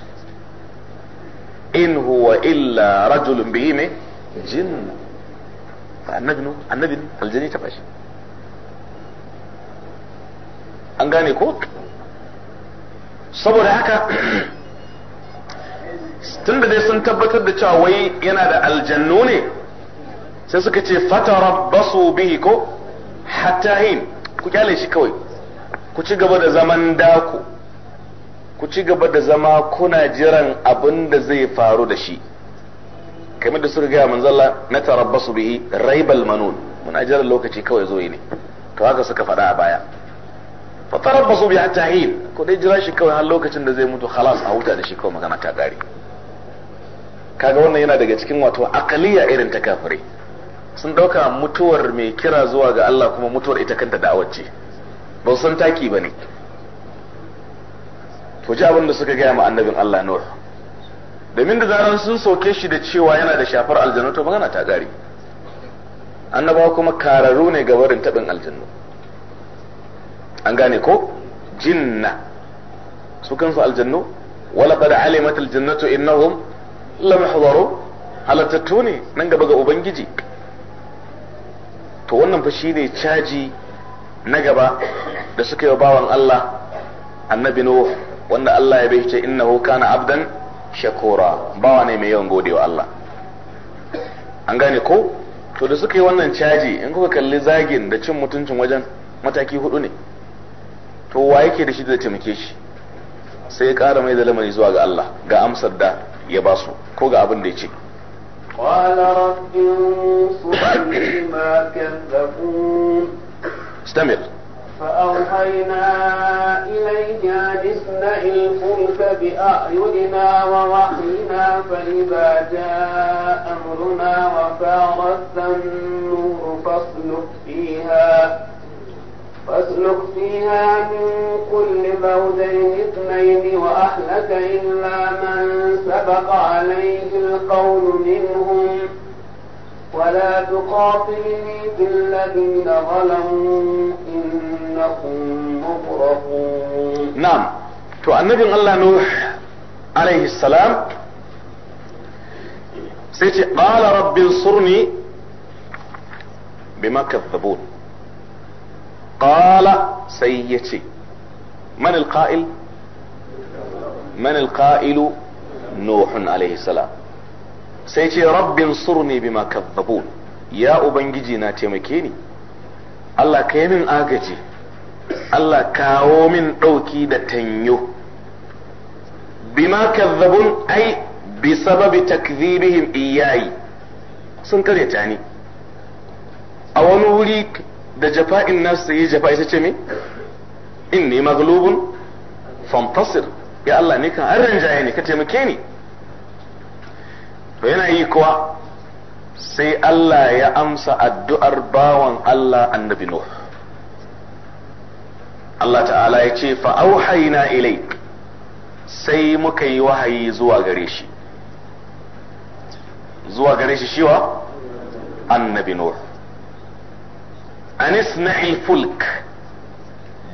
in huwa illa rajulun bihi ne jin annabi no annabi aljani ta bashi an gane ko saboda haka tun da dai sun tabbatar da cewa wai yana da aljannu ne sai suka ce fatarabbasu bihi ko hatta hin ku kyale shi kawai ku ci gaba da zaman dako ku ci gaba da zama kuna jiran abin da zai faru da shi kamar da suka gaya manzalla na tarabbasu bihi raibal manun muna jiran lokaci kawai zo ne to haka suka faɗa a baya fa tarabbasu bi hatta ku dai jira shi kawai har lokacin da zai mutu khalas a huta da shi kawai magana ta gari kaga wannan yana daga cikin wato akaliya irin ta kafire sun dauka mutuwar mai kira zuwa ga Allah kuma mutuwar ita kanta da'awar ce ba san taki ba ne to ji abin da suka gaya ma annabin Allah Nuh domin da zaran sun sauke shi da cewa yana da shafar aljanu to magana ta gari annabawa kuma kararu ne ga barin tabin aljanu an gane ko jinna su kansu aljanu wala qad alimat aljannatu innahum lam hadaru halattattu ne nan gaba ga ubangiji to wannan fa ne caji na gaba da suka yi bawan Allah annabi Nuh wanda Allah ya bai ce innahu kana abdan shakura bawa ne mai yawan godewa Allah an gane ko to da suka yi wannan caji in kuka kalli zagin da cin mutuncin wajen mataki hudu ne to wa yake da shi da taimake shi sai ya ƙara mai da lamari zuwa ga Allah ga amsar da ya ba su ko ga abin da ya ce قال رب ma بما كذبون فأوحينا إليه أن اصنع الفلك بأعيننا ووحينا فإذا جاء أمرنا وفارت النور فاسلك فيها فاسلك فيها من كل زوجين اثنين وأهلك إلا من سبق عليه القول منهم ولا تقاتلني في الذين ظلموا إنهم مغرقون نعم تو النبي الله نوح عليه السلام سيتي قال رب انصرني بما كذبون قال سيتي من القائل من القائل نوح عليه السلام sai ce rabbin surni bima kadhabu ya ubangiji na taimake ni Allah ka yi min agaji Allah kawo min ɗauki da tanyo bima kadhabu ai bi sababi takdhibihim iyayi sun ta ni a wani wuri da jafa'in nasu yi jafa'i sai ce me inni maghlubun fantasir ya Allah ne kan an jaye ne ka taimake ni to yana yi kuwa sai Allah ya amsa addu'ar bawan Allah annabi Nuh Allah ta'ala ya ce fa'auhaina ilai sai muka yi wahayi zuwa gare shi zuwa gare shi shiwa annabi Nuh anis na fulk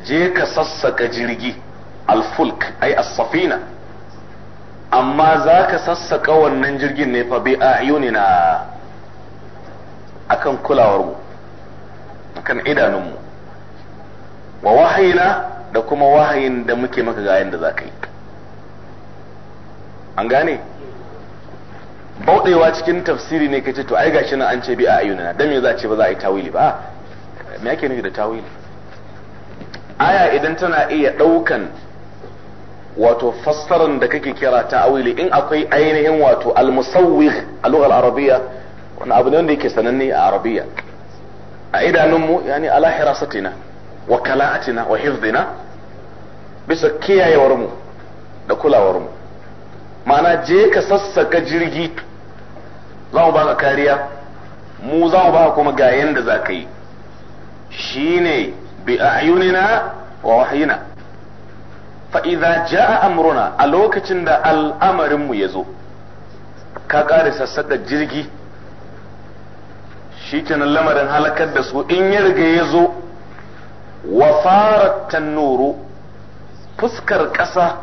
je ka sassaka jirgi alfulk ai as-safina amma za ka sassaka wannan jirgin ne fa bi ayunina akan kulawarmu akan idanunmu wa wahayina da kuma wahayin da muke maka ga yadda za ka yi an gane bauɗewa cikin tafsiri ne ce to ai gashi nan an ce bi a ayyuna dan me za a ce ba za a yi tawili ba me yake nufi da tawili aya idan tana iya ɗaukan wato fassarar da kake kira ta'awili in akwai ainihin wato al-musawwigh a lughar arabiya wani abu ne wanda yake sananne a arabiya a idanunmu yani ala hirasatina wa kala'atina wa hifdina bisa kiyayewar mu da kulawar mu ma'ana je ka sassaka jirgi za mu baka kariya mu za mu baka kuma ga yanda za ka yi shine bi a'yunina wa wahyina fa idza jaa amruna a lokacin da al'amarinmu mu yazo ka ƙara sassaƙa jirgi shi kenan lamarin halakar da su in ya riga ya zo wa fara tannuru fuskar ƙasa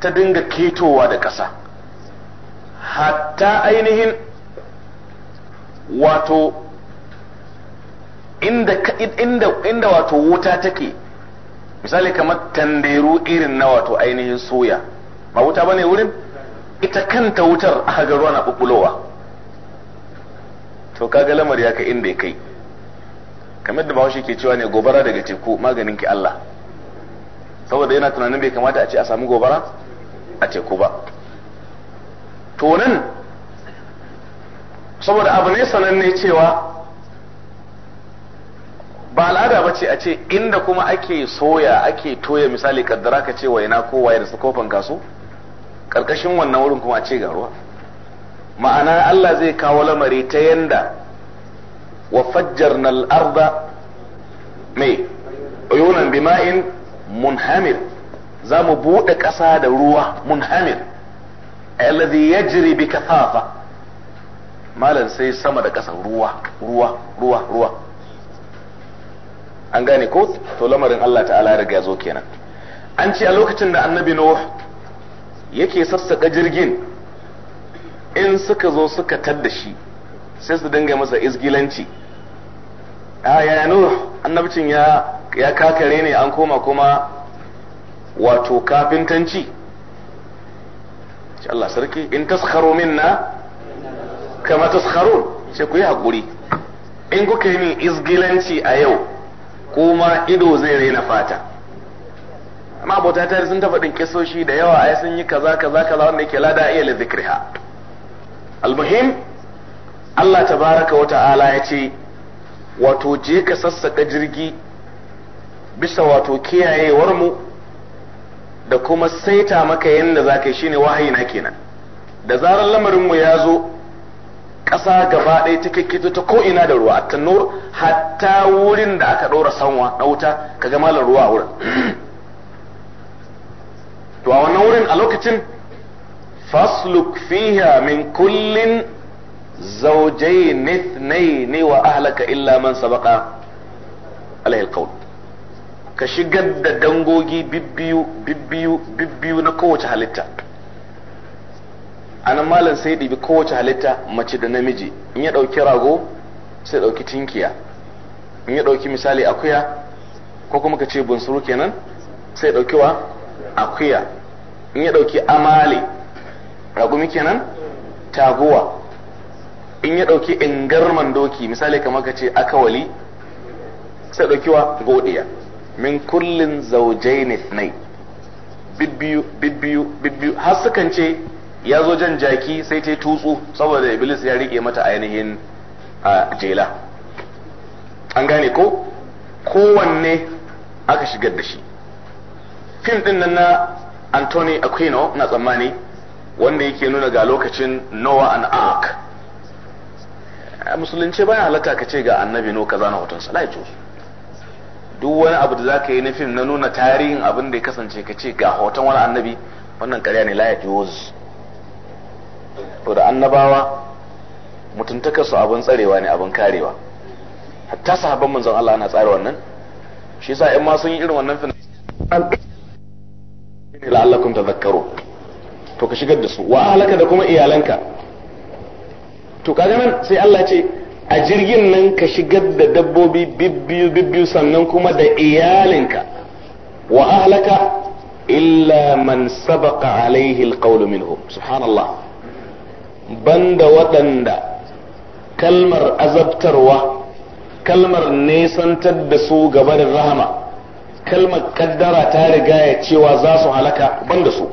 ta dinga ketowa da ƙasa hatta ainihin wato inda, inda wato wuta take misali kamar tanderu irin na wato ainihin soya ba wuta bane wurin ita kanta wutar aka ga ruwa na bubulowa to kaga lamar ya kai inda ya kai kamar da bahaushe ke cewa ne gobara daga teku maganin ki Allah saboda yana tunanin bai kamata a ce a samu gobara a teku ba to nan saboda abu ne sananne cewa ba al'ada ba ce a ce inda kuma ake soya ake toya misali kaddara ka ce waina ko waye da kofan kaso karkashin wannan wurin kuma a ce ga ruwa ma'ana Allah zai kawo lamari ta yanda wa fajjarna al-arda me uyunan bima'in munhamir za mu buɗe ƙasa da ruwa munhamir alladhi yajri bi kafafa malam sai sama da ƙasa ruwa ruwa ruwa ruwa an gane ko to lamarin Allah ta'ala ya riga zo kenan an ce a lokacin da annabi Nuh yake sassaka jirgin in suka zo suka tadda shi sai su dinga masa izgilanci a ya Nuh annabcin ya kakare ne an koma kuma wato kafintanci Allah sarki in taskharu minna kama taskharun sai ku yi hakuri in kuka yi min izgilanci a yau kuma ido zai raina fata amma abota ta sun tafa din kisoshi da yawa ai sun yi kaza kaza kaza wanda yake lada iya li zikriha almuhim Allah tabaraka wa ta'ala ya ce wato je ka sassaka jirgi bisa wato kiyayewar mu da kuma saita maka yanda za ka yi shine wahayi na kenan da zarar lamarin mu ya zo ƙasa gaba ɗaya ta kito ta ko'ina da ruwa ta nur hatta wurin da aka ɗora sanwa na wuta ka ga malar ruwa a wurin to a wannan wurin a lokacin fasluk fiha min kullin zaujai ne wa ahlaka illa man sabaka عليه القول ka shigar da dangogi bibbiyu bibbiyu bibbiyu na kowace halitta anan malam sai ɗibi kowace halitta mace da namiji in ya ɗauki rago sai ɗauki tinkiya in ya ɗauki misali akuya ko kuma ka ce bunsuru kenan sai ɗauki wa akuya in ya ɗauki amale ragumi kenan taguwa in ya ɗauki ingarman doki misali kamar ka ce akawali sai ɗauki wa godiya min kullin zaujaini nai bibbiyu bibbiyu bibbiyu har sukan ce ya zo jan jaki sai ta tutsu saboda iblis ya rike mata ainihin a jela an gane ko kowanne aka shigar da shi fim din nan na Anthony Aquino na tsammani wanda yake nuna ga lokacin Noah and Ark musulunci bayan halatta ka ce ga annabi no kaza na hoton salatu. duk wani abu da zaka yi na fim na nuna tarihin abin da ya kasance ka ce ga hoton wani annabi wannan karya ne la yajuz to da annabawa mutuntakar su abin tsarewa ne abin karewa hatta sahabban manzon Allah ana tsara wannan shi yasa in ma sun yi irin wannan fina kun tadhakkaru to ka shigar da su wa halaka da kuma iyalanka to kaga nan sai Allah ce a jirgin nan ka shigar da dabbobi bibbiyu bibbiyu sannan kuma da iyalinka wa ahlaka illa man sabaqa alaihi alqawlu minhum subhanallah banda waɗanda kalmar azabtarwa kalmar nesantar da su gaba da rahama kalmar kaddara ta riga ya cewa za su halaka banda su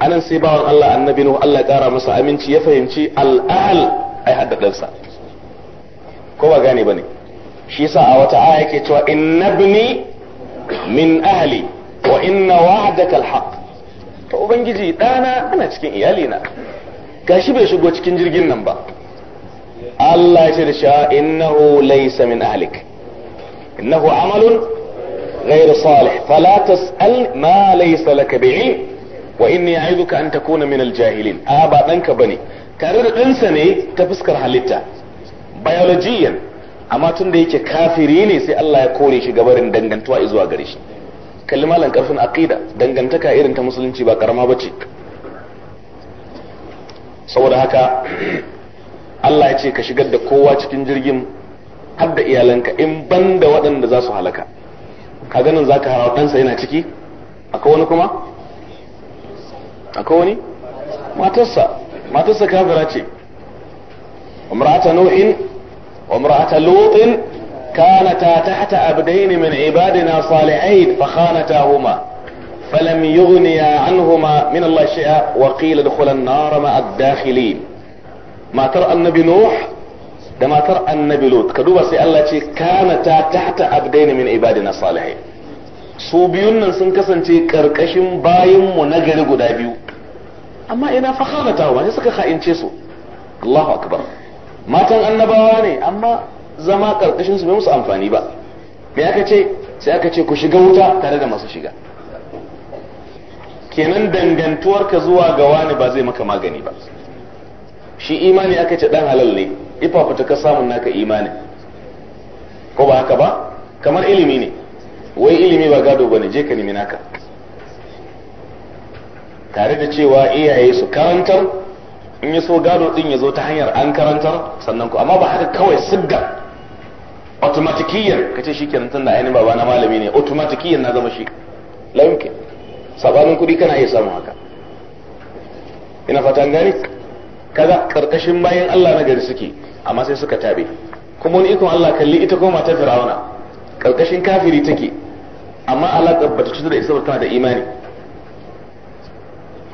anan sai bawan Allah annabi Nuhu Allah ya kara masa aminci ya fahimci al'al, ai haddadansa ko ba gane bane shi yasa a wata aya yake cewa innabni min ahli wa inna wa'daka al-haqq ta ubangiji ɗana ana cikin iyalina gashi bai shigo cikin jirgin nan ba Allah ya ce da sha ah, innahu laysa min ahlik innahu amalun tasal ma laysa تسأل bi'i wa inni a'iduka an takuna min تكون من الجاهلين ba ɗanka bane tare da ɗansa ne ta fuskar halitta biologiyan amma tun da yake kafiri ne sai Allah ya kore shi gabarin dangantuwa zuwa gare shi kalli malam karfin aqida dangantaka irin ta musulunci ba karama bace saboda haka Allah ya ce ka shigar da kowa cikin jirgin har da iyalanka in ban da waɗanda za su halaka ka ganin za ka hawa ɗansa yana ciki akwai wani kuma akwai wani matarsa matarsa kafira ce umra'ata nuhin umra'ata lutin كانتا تحت أبدين من عبادنا صالحين فخانتاهما فلم يغنيا عنهما من الله شيئا وقيل ادخل النار مع الداخلين ما ترى النبي نوح da matar annabi Lut ka duba sai Allah ce kana ta tahta abdaini min ibadina salihai. su biyun nan sun kasance karkashin bayin mu na gari guda biyu amma ina fakhana ta wani suka kha'ince su Allahu akbar matan annabawa ne amma zama karkashin su bai musu amfani ba me aka ce sai aka ce ku shiga wuta tare da masu shiga kenan dangantuwarka zuwa ga wani ba zai maka magani ba shi imani aka ce dan halal ne ifafuta ka samun naka imani ko ba haka ba kamar ilimi ne wai ilimi ba gado ba ne je ka nemi naka tare da cewa iyaye su karantar in ya so gado din ya zo ta hanyar an karantar sannan ku amma ba haka kawai sigar. automatikiyar ka ce shikenan tunda ainihin baba na malami ne automatikiyar na zama shi la yumkin sabanin kudi kana iya samun haka ina fata an gane kaga karkashin bayan Allah na gari suke amma sai suka tabe kuma wani ikon Allah kalli ita ko matar firawuna karkashin kafiri take amma Allah bata cutar da isa ba tana da imani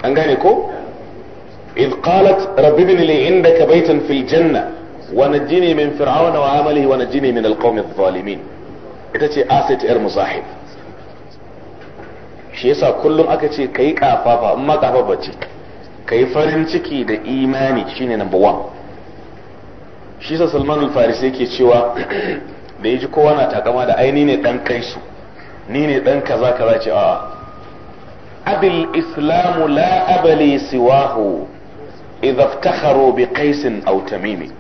an gane ko إذ قالت رب ابن لي عندك بيتا في الجنة ونجني من فرعون وعمله ونجني من القوم الظالمين ita ce asit yar musahib shi yasa kullum aka ce kai kafafa in ma kafafa ce kai farin ciki da imani shine number one shi sa salman al-farisi yake cewa da yaji kowa na takama da aini ne dan kai su ni ne dan kaza kaza ce a? abil islamu la abali siwahu idza iftakharu bi qaisin aw tamimi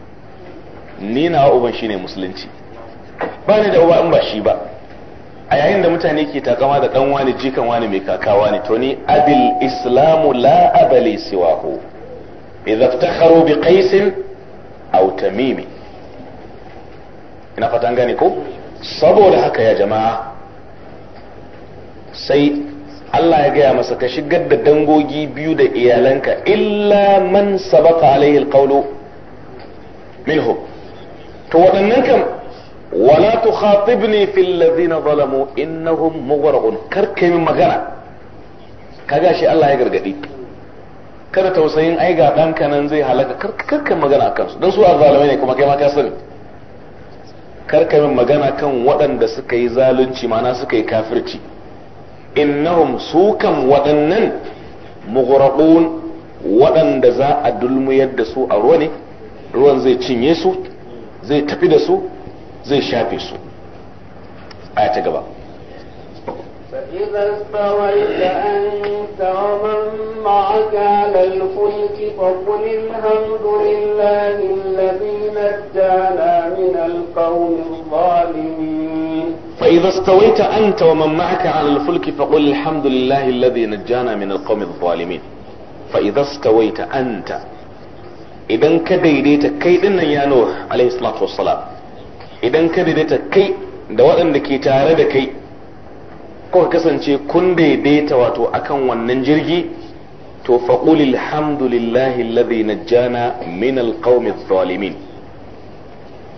ni na uban shine musulunci ba ni da uba in ba shi ba a yayin da mutane ke takama da dan wani jikan wani mai kakawa ne to ni abil islamu la abali siwahu idza ftakharu bi qais aw tamim ina fatan gane ko saboda haka ya jama'a sai Allah ya gaya masa ka shigar da dangogi biyu da iyalanka illa man sabaka alaihi alqawlu minhum to waɗannan kam wala khatibni fil ladina zalamu innahum mughraqun kar kai min magana kaga shi Allah ya gargadi kada tausayin ai ga ɗanka nan zai halaka kar kai magana akan su dan su azzalume ne kuma kai ma ka sani kar kai min magana kan waɗanda suka yi zalunci ma'ana suka yi kafirci innahum su kan waɗannan mughraqun waɗanda za a dulmuyar da su a ruwa ne ruwan zai cinye su zai tafi da su zai shafe su aya ta gaba فإذا استويت أنت ومن معك على الفلك فقل الحمد لله الذي نجانا من القوم الظالمين فإذا استويت أنت ومن معك على الفلك فقل الحمد لله الذي نجانا من القوم الظالمين فإذا استويت أنت idan ka daidaita kai din nan ya nuh alayhi salatu wassalam idan ka daidaita kai da waɗanda ke tare da kai ka kasance kun daidaita wato akan wannan jirgi to faqul alhamdulillahi alladhi najjana min alqawmi adh-dhalimin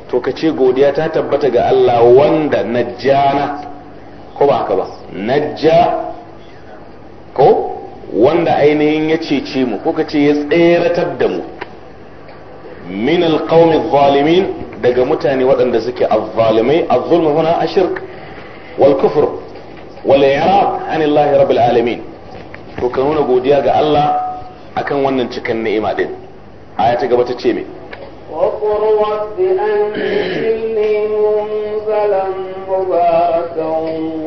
to kace godiya ta tabbata ga Allah wanda najjana ko ba haka ba najja ko wanda ainihin ya cece mu ko kace ya tseratar da mu من القوم الظالمين دقا متاني ودن دزكي الظالمين الظلم هنا الشرك والكفر والإعراض عن الله رب العالمين وكانونا قوديا الله أكن ونن تكن نئما دين آية قبة تشيمي وقل رب أنزلني منزلا مباركا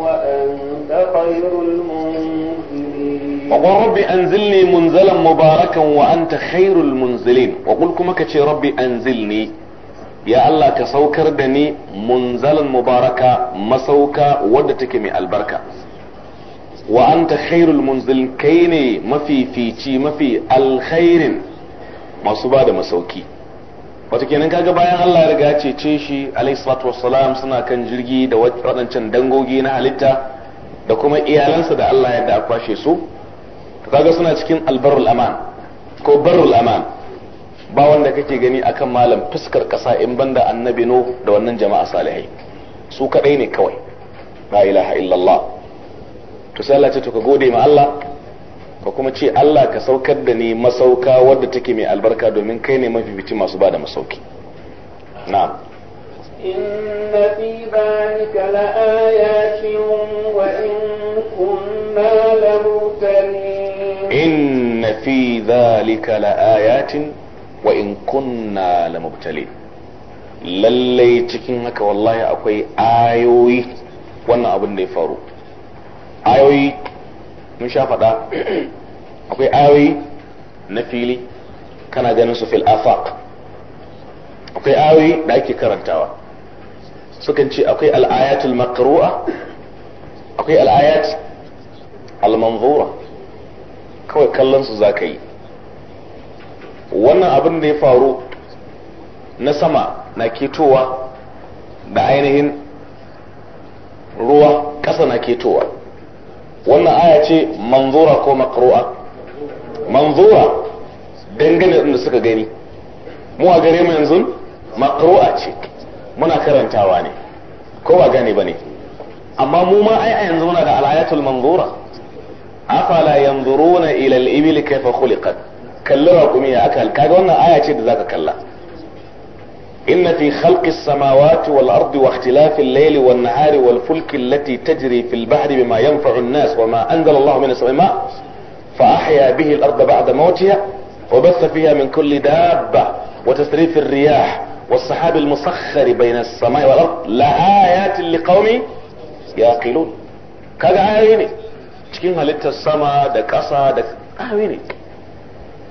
وأنت خير المنزل وقل ربي أنزلني منزلا مباركا وأنت خير المنزلين وقل كما كتشي ربي أنزلني يا الله كسوكر دني منزلا مباركا مسوكا ودتك من البركة وأنت خير المنزلين كيني ما في في شي ما في الخير ما صبادة مسوكي wato kenan kaga bayan Allah ya riga ya cece shi alayhi salatu wassalam suna kan jirgi da waɗancan dangogi na halitta da kuma iyalansa da Allah ya da kwashe su kaga suna cikin albarul aman ko barul aman ba wanda kake gani akan malam fuskar kasa in banda annabi no da wannan jama'a salihai su kadai ne kawai la ilaha illallah to sai Allah ce to ka gode ma Allah ka kuma ce Allah ka saukar da ni masauka wadda take mai albarka domin kai ne mafi mafifici masu bada masauki na'am إن في ذلك لآيات وإن كنا لمبتلين إن في ذلك لآيات وإن كنا لمبتلين lallai cikin haka wallahi akwai ayoyi wannan abin da ya faru ayoyi mun sha faɗa akwai ayoyi na fili kana ganin su fil afaq akwai ayoyi da ake karantawa sukan ce akwai al'ayatul maqru'a akwai al'ayat al-manzura kawai kallon su zaka yi wannan abin da ya faru na sama na ketowa da ainihin ruwa ƙasa na ketowa wannan aya ce manzura ko maqru'a manzura dangane da suka gani mu a gare mu yanzu maqru'a ce muna karantawa ne ko ba gane ba ne amma mu ma ai a yanzu muna da al'ayatul manzura afala yanzuruna ila al-ibil kayfa khuliqat kalli kuma ya aka kaga wannan aya ce da zaka kalla إن في خلق السماوات والأرض واختلاف الليل والنهار والفلك التي تجري في البحر بما ينفع الناس وما أنزل الله من السماء فأحيا به الأرض بعد موتها وبث فيها من كل دابة وتسريف الرياح والسحاب المسخر بين السماء والأرض لآيات لقوم يعقلون kaga ayoyi ne cikin halittar sama da ƙasa da ayoyi ne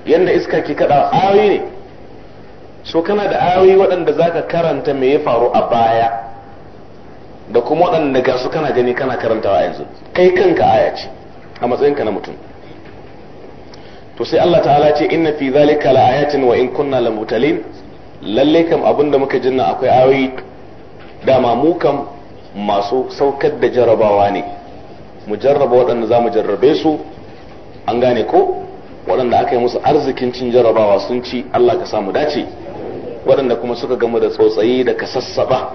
yadda iska ke kada ayoyi ne so kana da ayoyi waɗanda zaka karanta mai ya faru a baya da kuma waɗanda ga kana gani kana karantawa a yanzu kai kanka aya ce a matsayinka na mutum to sai Allah ta'ala ce inna fi zalika la'ayatin wa in kunna lamutalin lalle kam da muka jinna akwai ayoyi dama mu kam masu saukar da jarrabawa ne mu jarraba waɗanda za mu jarrabe su an gane ko waɗanda aka yi musu arzikin cin jarrabawa sun ci Allah ka samu dace waɗanda kuma suka gama da tsotsayi da kasassaba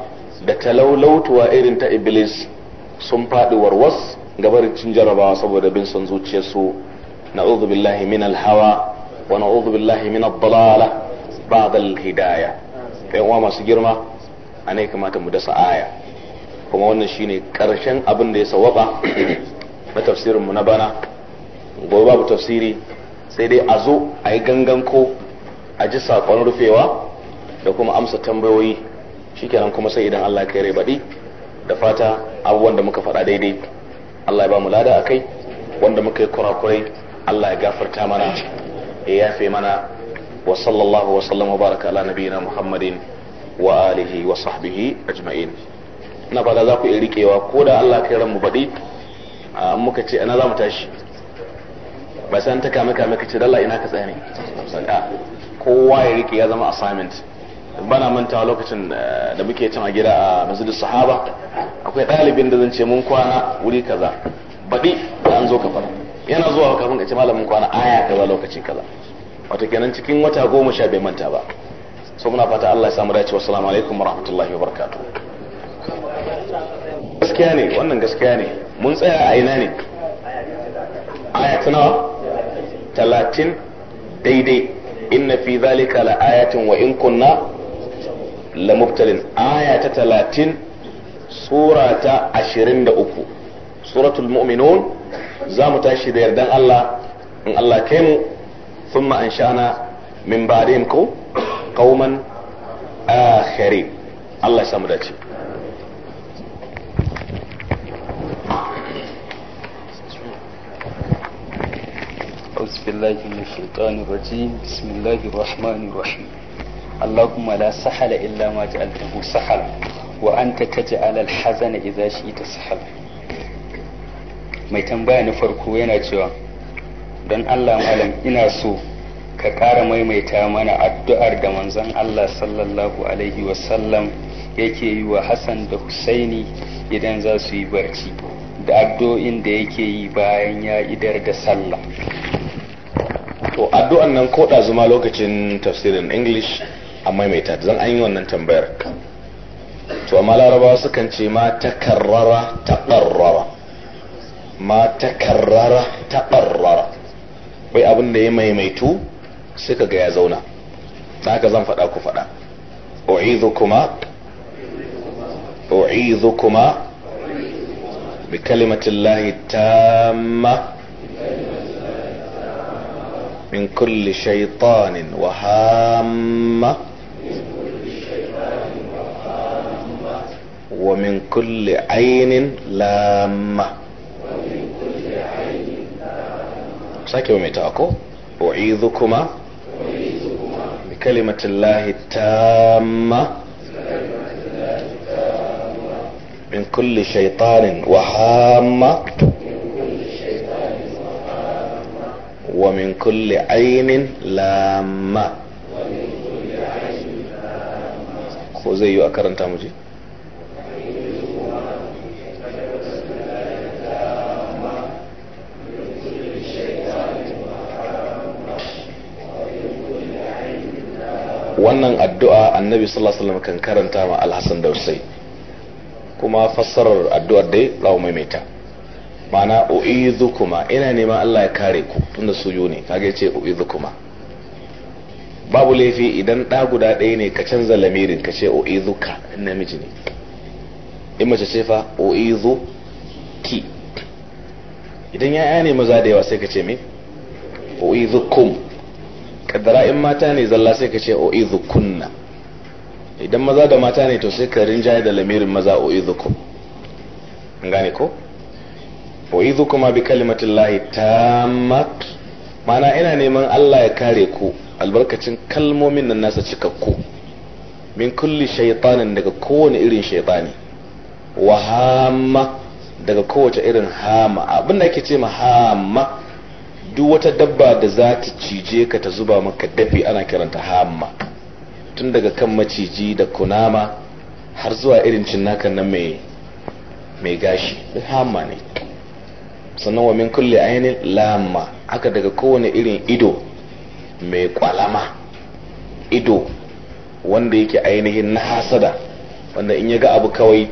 da talaulautuwa irin ta iblis sun faɗi warwas gabar cin jarrabawa saboda bin son zuciyarsu na'udhu billahi min hawa wa na'udhu billahi min ad-dalalah ba'd al-hidayah kai uwa masu girma anai kamata mu dasa aya kuma wannan shine karshen abin da ya sawaba na tafsirin mu na bana gobe babu tafsiri sai dai a zo a yi gangan ko a ji sakon rufewa da kuma amsa tambayoyi shi kenan kuma sai idan Allah kai rai baɗi da fata abubuwan da muka faɗa daidai Allah ya ba mu lada a kai wanda muka yi kurakurai Allah ya gafarta mana ya yafe mana وصلى الله wa وبارك wa baraka ala وآله muhammadin wa alihi wa إليك وقود الله fata za ku iya rikewa ko da Allah kai ran mu baɗi muka ce ana za mu tashi ba sai ta kame kame ka ce ina ka ya rike ya zama assignment bana manta lokacin eh, da muke cin a gida a masjidin sahaba akwai dalibin da zan ce mun kwana wuri kaza baɗi da an zo ka yana zuwa kafin ka ce malamin kwana aya kaza lokacin kaza wata kenan cikin wata goma sha bai manta ba so muna fata Allah ya samu dace assalamu alaikum warahmatullahi wabarakatuh gaskiya ne wannan gaskiya ne mun tsaya a ina ne aya tana nawa talatin daidai inna fi zalika la ayatin wa in kunna la mubtalin aya ta talatin sura ta ashirin da uku suratul mu'minun za mu tashi da yardan Allah in Allah kai mu ثم أنشأنا من بعدهم قوما آخرين الله يسامحك أعوذ بالله من الشيطان الرجيم بسم الله الرحمن الرحيم اللهم لا سهل إلا ما جعلته سهلا وأنت تجعل الحزن إذا شئت سهلا mai tambaya na farko yana cewa don Allah malam ina so ka ƙara maimaita mana addu'ar da manzon Allah sallallahu alaihi wasallam yake yi wa Hassan da Husaini idan za su yi barci da addu'o'in da yake yi bayan ya idar da sallah to addu'an nan ko da zuma lokacin tafsirin English a maimaita zan an yi wannan tambayar to amma larabawa sukan ce ma ta karrara ta ɓarrara. ma ta karrara ta ɓarrara. akwai abin da ya maimaitu suka ga ya zauna na haka zan faɗa ku faɗa u'izukuma u'izukuma bi kalimatillahi tamma min kulli shaitanin wa hamma ومن كل عين لامه sake wa mai ta ako u'idhu kuma bi kalimatillahi tamma min kulli shaytanin wa hamma wa min kulli ay'nin lamma ko zai yi a karanta muje wannan addu'a annabi sallallahu alaihi wasallam kan karanta ma alhassan da usai kuma fassarar addu'ar dai zamu maimaita ma'ana u'idhukuma ina neman Allah ya kare ku tunda suyo ne kage ce u'idhukuma babu laifi idan ɗa guda ɗaya ne ka canza lamirin ka ce u'idhuka namiji ne in mace ce fa u'idhuki idan ya'ya ne maza da yawa sai ka ce me u'idhukum kaddara in mata ne zalla sai ka ce o izu kunna idan maza da mata ne to sai ka rinjaye da lamirin maza o izu an gane ko o izu kuma bi kalimatin lahi tamat mana ina neman allah ya kare ku albarkacin kalmomin nan nasa cikakku min kulli shaitanin daga kowane irin shaitani wa hama daga kowace irin hama abinda da ake ce ma hama duk wata dabba da za ta cije ka ta zuba maka dafi ana kiranta hamma tun daga kan maciji da kunama har zuwa irin cinnakan nan mai mai gashi hamma ne sannan wa min kulle ainihin lamma haka daga kowane irin ido mai kwalama ido wanda yake ainihin na hasada wanda in ya ga abu kawai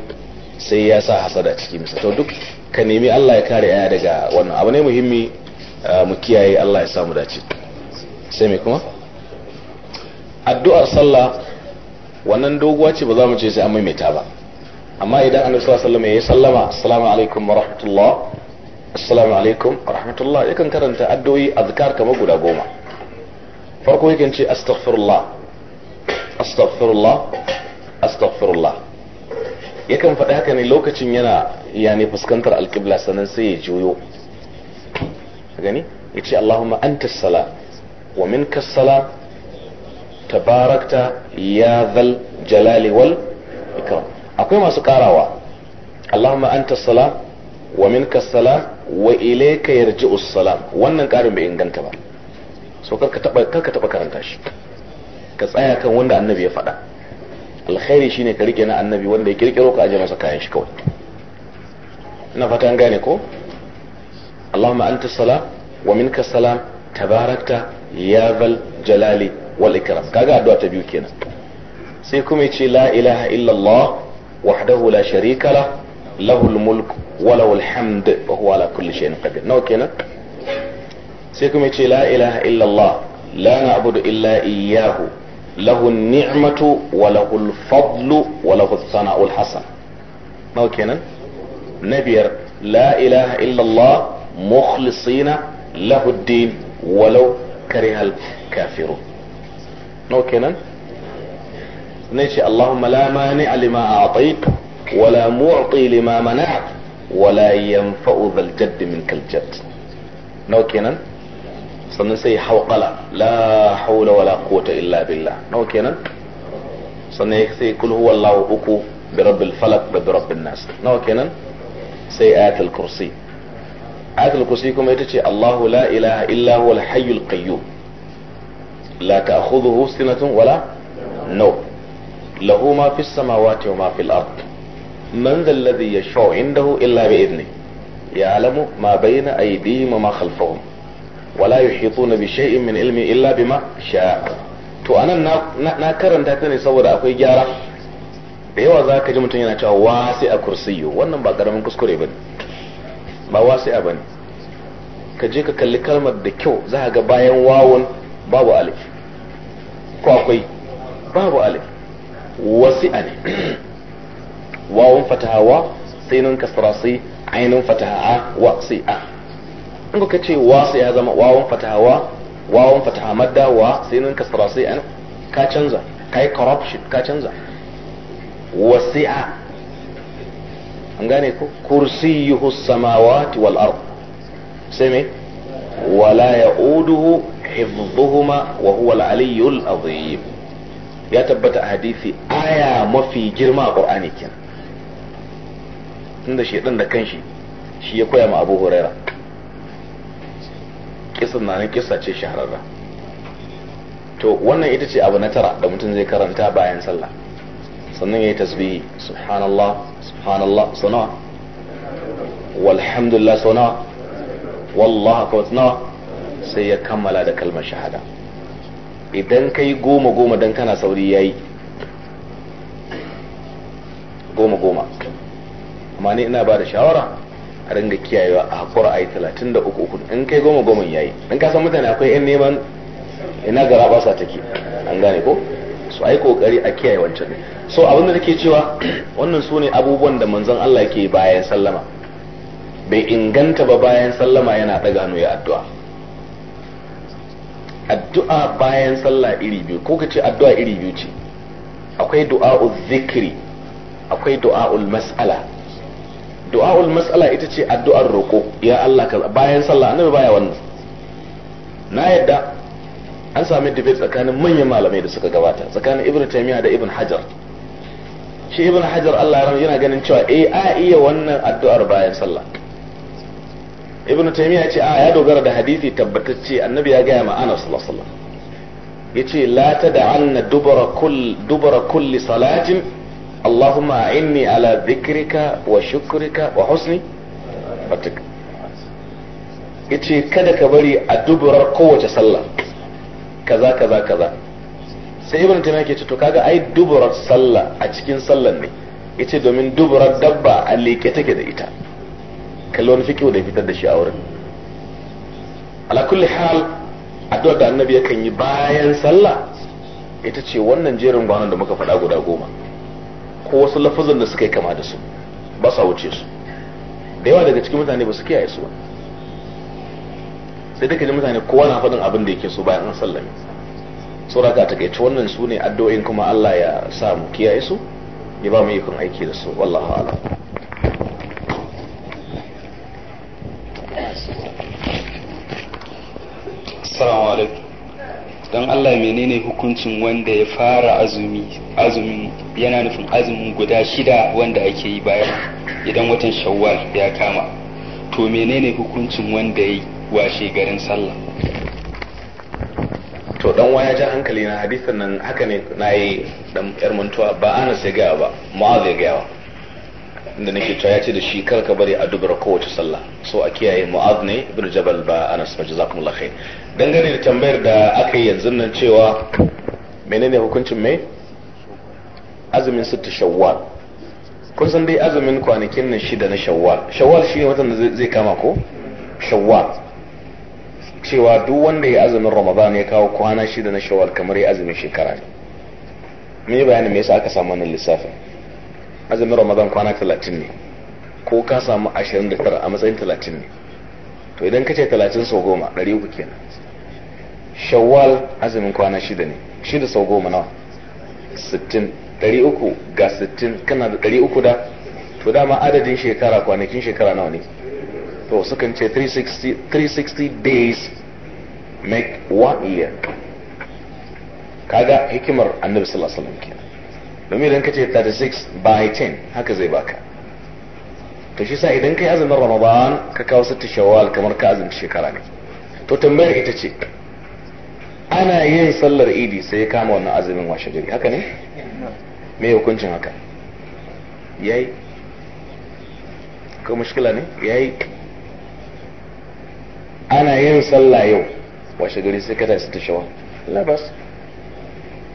sai ya sa hasada ciki misa to duk ka nemi Allah ya kare aya daga wannan abu ne muhimmi Ah, mu kiyaye Allah ya samu dace sai mai kuma addu'ar sallah wannan doguwa ce ba za mu ce sai an maimaita ba amma idan an sallallahu sallama ya ya sallama assalamu alaikum wa rahmatullah assalamu alaikum wa rahmatullah yakan karanta addu'o'i azkar kamar guda goma farko yakan ce astaghfirullah astaghfirullah astaghfirullah yakan faɗi haka ne lokacin yana yani fuskantar alƙibla sannan sai ya juyo gani ya ce Allahumma anta sala wa minka sala tabarakta ya zal jalali wal ikram akwai masu karawa Allahumma anta sala wa minka sala wa ilayka yarji'u salam wannan karin bai inganta ba so karka taba karka taba karanta shi ka tsaya kan wanda annabi ya faɗa alkhairi shine ka rike na annabi wanda ya kirkiro ka aje masa kayan shi kawai na fata an gane ko Allahumma anta salam wa minka salam tabarakta ya jalali wal ikram kaga addu'a ta biyu kenan sai kuma yace la ilaha illallah wahdahu la sharika la lahul mulk wa lahul hamd wa huwa ala kulli shay'in qadir nawa kenan sai kuma yace la ilaha illallah la na'budu illa iyyahu lahu ni'matu wa lahul fadlu wa lahu sana'ul hasan nawa kenan na biyar la ilaha illallah مخلصين له الدين ولو كره الكافرون نوكينا نشي اللهم لا مانع لما اعطيت ولا معطي لما منعت ولا ينفع ذا الجد منك الجد نوكينا سنسي حوقلا لا حول ولا قوة الا بالله نوكينا سنسي كل هو الله اكو برب الفلك برب الناس نوكينا سيئات الكرسي ayatul kursi kuma ita ce Allahu la ilaha illa huwal hayyul qayyum la ta'khudhuhu sinatun wala no lahu ma fis samawati wa ma fil ard man dhal ladhi yashfa'u indahu illa bi idni ya'lamu ma bayna aydihim wa ma khalfahum wala yuhituna bi shay'in min ilmi illa bima sha'a to anan na karanta ta ne saboda akwai gyara da yawa zaka ji mutum yana cewa wasi a kursiyo wannan ba karamin kuskure bane ba wasi'a bane ka je ka kalli kalmar da kyau za ga bayan wawon babu alif ko akwai babu alif wasi'a ne wawon fatahawa sai nun kasra sai ainun fataha a, in ka ce ya zama wawon fatahawa wawon fataha madda wa sai nun kasra sai ka canza kai corruption ka canza wasi'a an gane ko kursiyuhu samawati wal ard sai me wala ya'uduhu hifdhuhuma wa huwa al aliyyul azim ya tabbata a hadisi aya mafi girma a qur'ani kenan tunda shedan da kanshi shi ya koya ma abu huraira kisan na kisa ce shahararra to wannan ita ce abu na tara da mutum zai karanta bayan sallah sannan ya yi tasbihi subhanallah subhanallah sana walhamdulillah sana wallah akbar sana sai ya kammala da kalmar shahada idan ka yi goma goma don kana sauri ya yi goma goma amma ni ina ba da shawara a ringa kiyayewa a hakura a yi talatin da uku uku in kai goma goma ya yi in ka san mutane akwai yan neman ina gara ba sa take an gane ko so ai kokari a kiyaye wancan so abin da nake cewa wannan su ne abubuwan da manzon Allah yake bayan sallama bai inganta ba bayan sallama yana daga hannu ya addu'a addu'a bayan sallah iri biyu ko kace addu'a iri biyu ce akwai du'a zikri akwai du'a mas'ala du'a mas'ala ita ce addu'ar roƙo ya Allah kaza bayan sallah annabi baya wannan na yadda an sami debate tsakanin manyan malamai da suka gabata tsakanin ibn taymiya da ibn hajar shi ibn hajar Allah ya yana ganin cewa eh a iya wannan addu'ar bayan sallah ibn taymiya ce a ya dogara da hadisi tabbatacce annabi ya gaya ma ana sallallahu alaihi yace la tad'anna dubara kull dubara kulli salatin allahumma a'inni ala dhikrika wa shukrika wa husni fatik yace kada ka bari a dubara kowace sallah kaza kaza kaza sai ibn taymiya yake ce to kaga ai duburar sallah a cikin sallan ne yace domin duburar dabba a leke take da ita kallon fikihu da fitar da shi a wurin ala kulli hal addu'ar da annabi yakan yi bayan sallah ita ce wannan jerin gwanon da muka faɗa guda goma ko wasu lafazan da suka yi kama da su ba sa wuce su da yawa daga cikin mutane ba su kiyaye su ba sai duka ji mutane kowa na faɗin abin da yake so bayan an sallame saboda ka takaice wannan su ne addu'o'in kuma Allah ya sa mu kiyaye su ya ba mu ikon aiki da su wallahu a'lam Assalamu alaikum don Allah menene hukuncin wanda ya fara azumi azumin yana nufin azumin guda shida wanda ake yi bayan idan watan shawwal ya kama to menene hukuncin wanda ya washe garin sallah to dan waya ja hankali na hadisin nan haka ne na yi dan yar mantuwa ba ana sai gaya ba mu'az ya gaya inda nake cewa ya ce da shi kar ka bari a dubura kowace sallah so a kiyaye mu'az ne ibnu jabal ba ana ba jazakumullahu khair dangane da tambayar da aka yi yanzu nan cewa menene hukuncin mai azumin sittu shawwal kun san dai azumin kwanakin nan shida na shawwal shawwal shine watan da zai kama ko shawwal cewa duk wanda ya azumin ramadan ya kawo kwana shida na shawar kamar ya azumin shekara ne mun yi bayanin me yasa aka samu wannan lissafin azumin ramadan kwana talatin ne ko ka samu ashirin da tara a matsayin talatin ne to idan ka ce talatin sau goma ɗari uku kenan shawwal azumin kwana shida ne shida sau goma nawa sittin ɗari uku ga sittin kana da ɗari uku da to dama adadin shekara kwanakin shekara nawa ne to sukan ce 360, days make one year kaga hikimar annabi sallallahu alaihi wasallam kenan domin idan ka ce 36 by 10 haka zai baka to shi sa idan kai azumin ramadan ka kawo sittin shawwal kamar ka azumin shekara ne to tambayar ita ce ana yin sallar idi sai ya kama wannan azumin washe gari haka ne me hukuncin haka yayi ko mushkila ne yayi ana yin sallah yau washe gari sai ka tashi ta labas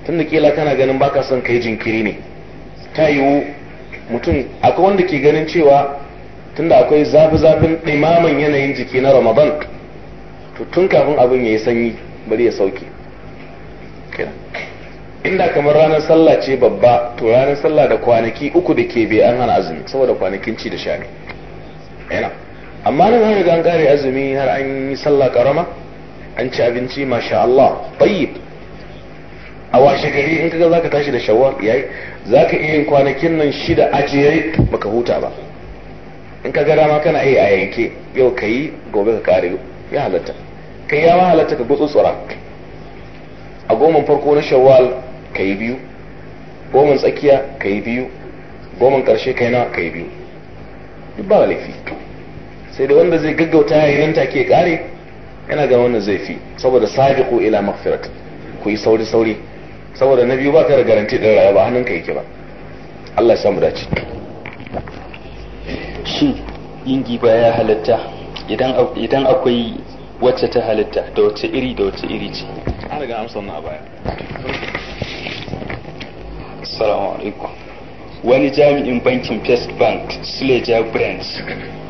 tunda kila kana ganin baka son kai jinkiri ne ta yiwu mutum akwai wanda ke ganin cewa tunda akwai zafi-zafin ɗimaman yanayin jiki na ramadan to tun kafin abin ya yi sanyi bari ya sauke inda kamar ranar sallah ce babba to ranar sallah da kwanaki uku da ke bai an hana azumi saboda kwanakin ci da sha yana amma nan har riga an kare azumi har an yi sallah karama an ci abinci masha Allah tayyib a washe gari in kaga zaka tashi da shawwal yayi zaka iya yin kwanakin nan shida a jere baka huta ba in kaga dama kana iya a yanke yau kai gobe ka kare ya halatta kai ya ma halatta ka tsura a goman farko na shawwal kai biyu goman tsakiya kai biyu goman karshe kai na kai biyu duk ba laifi sai da wanda zai gaggauta ya ta take kare yana ga wannan zai fi saboda sabiqu ila maghfirat ku yi sauri sauri saboda na biyu baka da garanti din rayuwa ba hannunka yake ba Allah ya samu dace shin yin giba ya halatta idan akwai wacce ta halitta da wacce iri da wacce iri ce an riga na baya assalamu alaikum wani jami'in bankin first bank suleja branch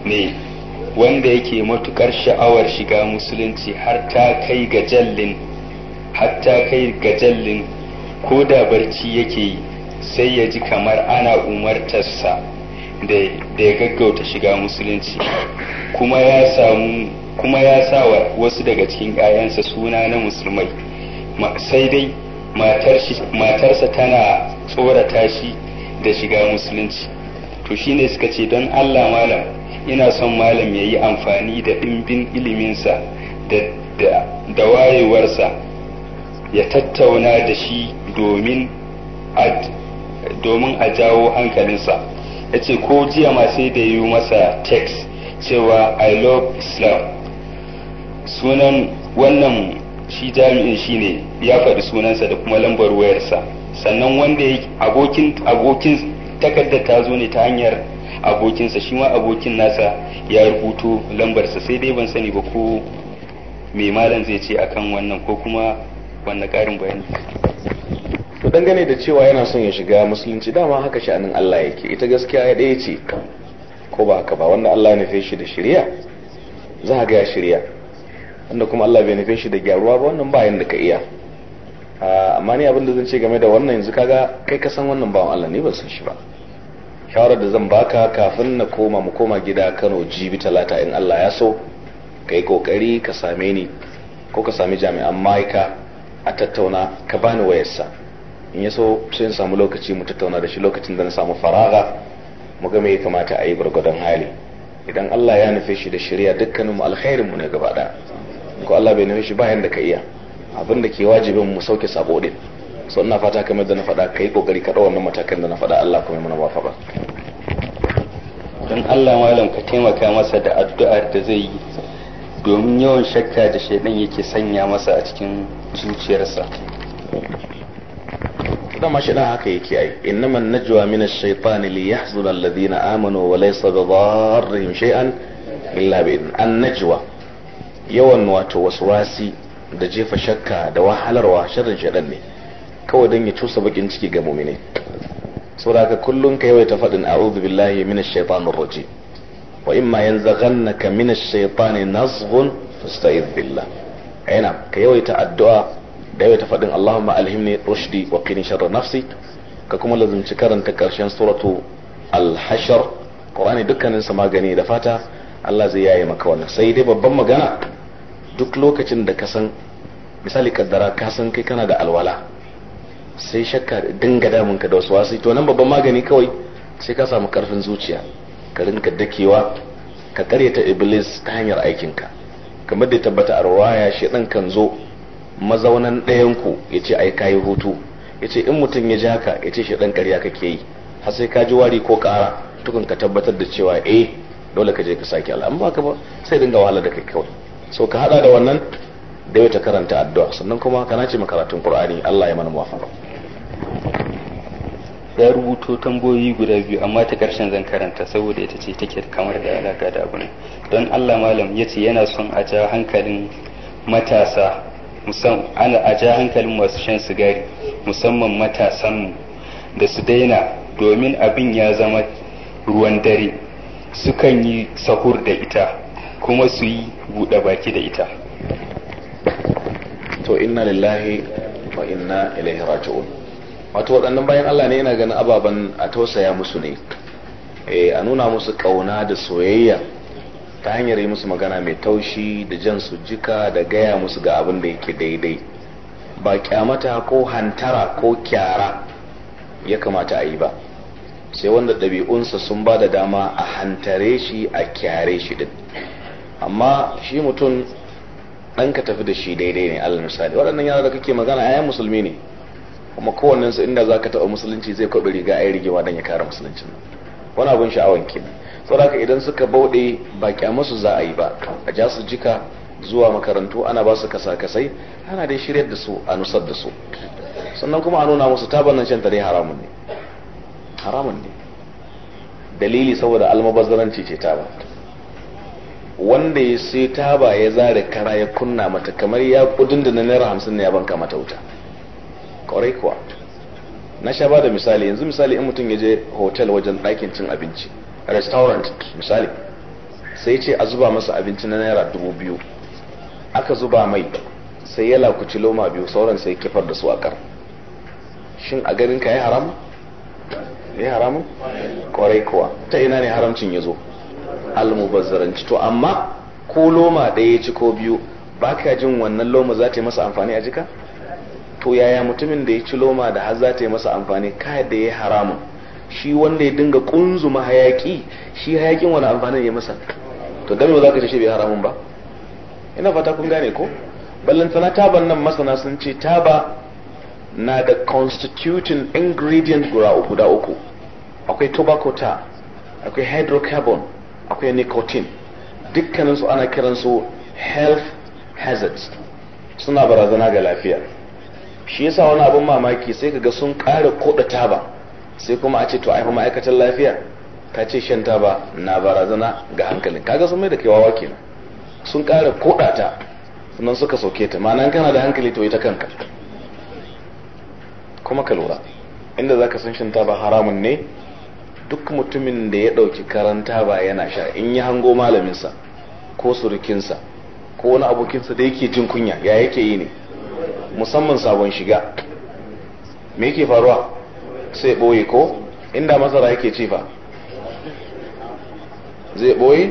ne wanda yake matukar sha'awar shiga musulunci har ta kai ga jallin hatta kai ga jallin ko da barci yake yi sai ya ji kamar ana umartarsa da ya gaggauta shiga musulunci kuma ya sa wa wasu daga cikin 'ya'yansa suna na musulmai sai dai matarsa tana tsorata shi da shiga musulunci to shine suka ce don allah malam ina son malam ya yi amfani da ɗimbin iliminsa da wayewarsa ya tattauna da shi domin a jawo hankalinsa ya ce ko jiya ma sai da yi masa text cewa i love islam sunan wannan shi jami'in shi ne ya faɗi sunansa da kuma lambar wayarsa sannan wanda abokin takardar ta zo ne ta hanyar abokinsa shi ma abokin nasa ya rubuto lambarsa sai dai ban sani ba ko me malam zai ce akan wannan ko kuma wanda karin bayani to dangane da cewa yana son ya shiga musulunci dama haka shi anan Allah yake ita gaskiya ya ɗaya ce ko ba haka ba wanda Allah ya nufe shi da shari'a za ga ya shari'a wanda kuma Allah bai nufe shi da gyaruwa ba wannan ba yanda ka iya ah, amma ni abin da zan ce game da wannan yanzu kaga kai ka san wannan bawan Allah ne ba san shi ba shawarar da zan baka kafin na koma mu koma gida Kano jibi talata in Allah ya so ka yi kokari ka same ni ko ka sami jami'an ma'aika a tattauna ka bani wayarsa in ya so sai in samu lokaci mu tattauna da shi lokacin da na samu faraga mu ga me ya kamata a yi gwargwadon hali idan Allah ya nufe shi da shari'a dukkanin mu alkhairin mu ne gaba daya ko Allah bai nufe shi bayan da ka iya abin da ke wajibin mu sauke sabo din so ina fata kamar da na faɗa kai kokari ka wannan matakan da na faɗa Allah kuma mana ba. don Allah malam ka taimaka masa da addu'ar da zai yi domin yawan shakka da shaidan yake sanya masa a cikin zuciyarsa dama shaidan haka yake ai innaman najwa min ash-shaytan li yahzuna alladhina amanu wa laysa bidarrihim shay'an illa bi an najwa yawan wato waswasi da jefa shakka da wahalarwa sharrin shaidan ne kawai don ya cusa bakin ciki ga mumine saboda kullum ka yawaita faɗin a'udhu billahi minash shaitanir rajim wa imma yanzaghannaka minash shaitani nazghun fasta'iz billah aina ka yawaita addu'a da yawaita faɗin Allahumma alhimni rushdi wa qini nafsi ka kuma lazimci karanta ƙarshen suratu alhashar. hashr Qur'ani dukkanin sa magani da fata Allah zai yaye maka wannan sai dai babban magana duk lokacin da ka san misali kaddara ka san kai kana da alwala sai shakka dinga damun ka da wasu wasu to nan babban magani kawai sai ka samu karfin zuciya ka rinka dakewa ka ta iblis ta hanyar aikin ka kamar da tabbata a ruwaya shi dan kan zo mazaunan ɗayan ku ya ce ai kayi hutu ya ce in mutum ya ja ka ya ce shi dan karya kake yi har sai ka ji wari ko ƙara tukun ka tabbatar da cewa eh dole ka je ka sake Allah amma ka ba sai dinga wahala da kai kawai so ka hada da wannan da ta karanta addu'a sannan kuma kana ce makaratun Qur'ani Allah ya mana muwafaqa ya rubuto tambayoyi guda biyu amma ta karshen zan karanta saboda ita ce take kamar da alaka da abu don Allah malam ya ce yana son a ja hankalin matasa musamman a ja hankalin masu shan sigari musamman matasan mu da su daina domin abin ya zama ruwan dare sukan yi sahur da ita kuma su yi buɗe baki da ita to inna lillahi wa inna ilaihi raji'un wato waɗannan bayan Allah ne yana ganin ababen a tausaya musu ne eh, a nuna musu ƙauna da soyayya ta hanyar yi musu magana mai taushi da jan su jika da gaya musu ga abin da yake daidai ba kyamata ko hantara ko kyara ya kamata a yi ba sai wanda ɗabi'unsa sun ba da dama a hantare shi a kyare shi din amma shi mutum ɗan ka tafi da shi daidai ne allah misali waɗannan yara da kake magana ayan musulmi ne kuma kowannensu su inda ka taɓa musulunci zai kwaɓe riga a yi rigewa don ya kare musuluncin wani abun sha'awan kenan saboda idan suka bauɗe ba kyamasu za a yi ba a ja su jika zuwa makarantu ana ba su kasa-kasai ana dai shiryar da su a nusar da su sannan kuma a nuna musu taban nan shan dai haramun ne haramun ne dalili saboda almabazzaranci ce taba wanda ya sai taba ya zare kara ya kunna mata kamar ya kudin da na naira hamsin ne ya banka mata wuta kwarai kuwa na sha bada misali yanzu misali in mutum ya je hotel wajen ɗakin cin abinci restaurant misali sai ce a zuba masa abinci na naira dubu biyu aka zuba mai sai ya lakuci loma biyu sauran sai kifar da su a kar shin a garin ka ya haramu ya haramu kwarai kuwa ta ina ne haramcin ya zo almubazzaranci to amma ko loma ɗaya ci ko biyu baka jin wannan loma za ta yi masa amfani a jika to yaya mutumin da ya ci loma da har za ta yi masa amfani ka da ya haramun shi wanda ya dinga kunzuma hayaki shi hayakin wani amfanin ya masa to dame ba za ka shi bai haramun ba ina fata kun gane ko tana taban nan masana sun ce taba na da constituting ingredient guda uku da uku akwai tobacco ta akwai hydrocarbon akwai nicotine dukkaninsu ana kiransu health hazards suna barazana ga lafiya shi yasa wani abin mamaki sai ka ga sun ƙara koda taba sai kuma a ce to ai ma'aikatan lafiya ka ce shan taba na barazana ga hankalin kaga sun mai da kai wawa kenan sun ƙara koda ta sannan suka sauke ta ma'ana kana da hankali to ita kanka kuma ka lura inda za ka san shan taba haramun ne duk mutumin da ya ɗauki karan taba yana sha in yi hango malaminsa ko surukinsa ko wani abokinsa da yake jin kunya ya yake yi ne musamman sabon shiga me yake faruwa sai ɓoye ko inda masara yake ce fa zai ɓoye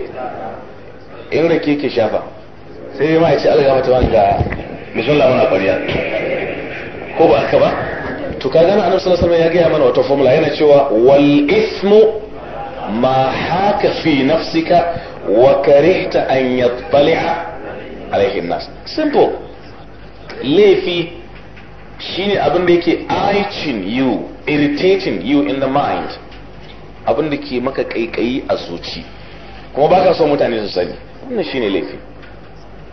in rake ke shafa sai ma ya ce alga mata ga mishin lamuna ƙwariya ko ba haka ba to ka gana annabi sallallahu alaihi ya gaya mana wata formula yana cewa wal ismu ma haka fi nafsika wa karihta an yattali'a alaihi nas simple laifi shine abin da yake aicin you irritating you in the mind abin da ke maka kaikayi a zuci kuma baka so mutane su sani wannan shine laifi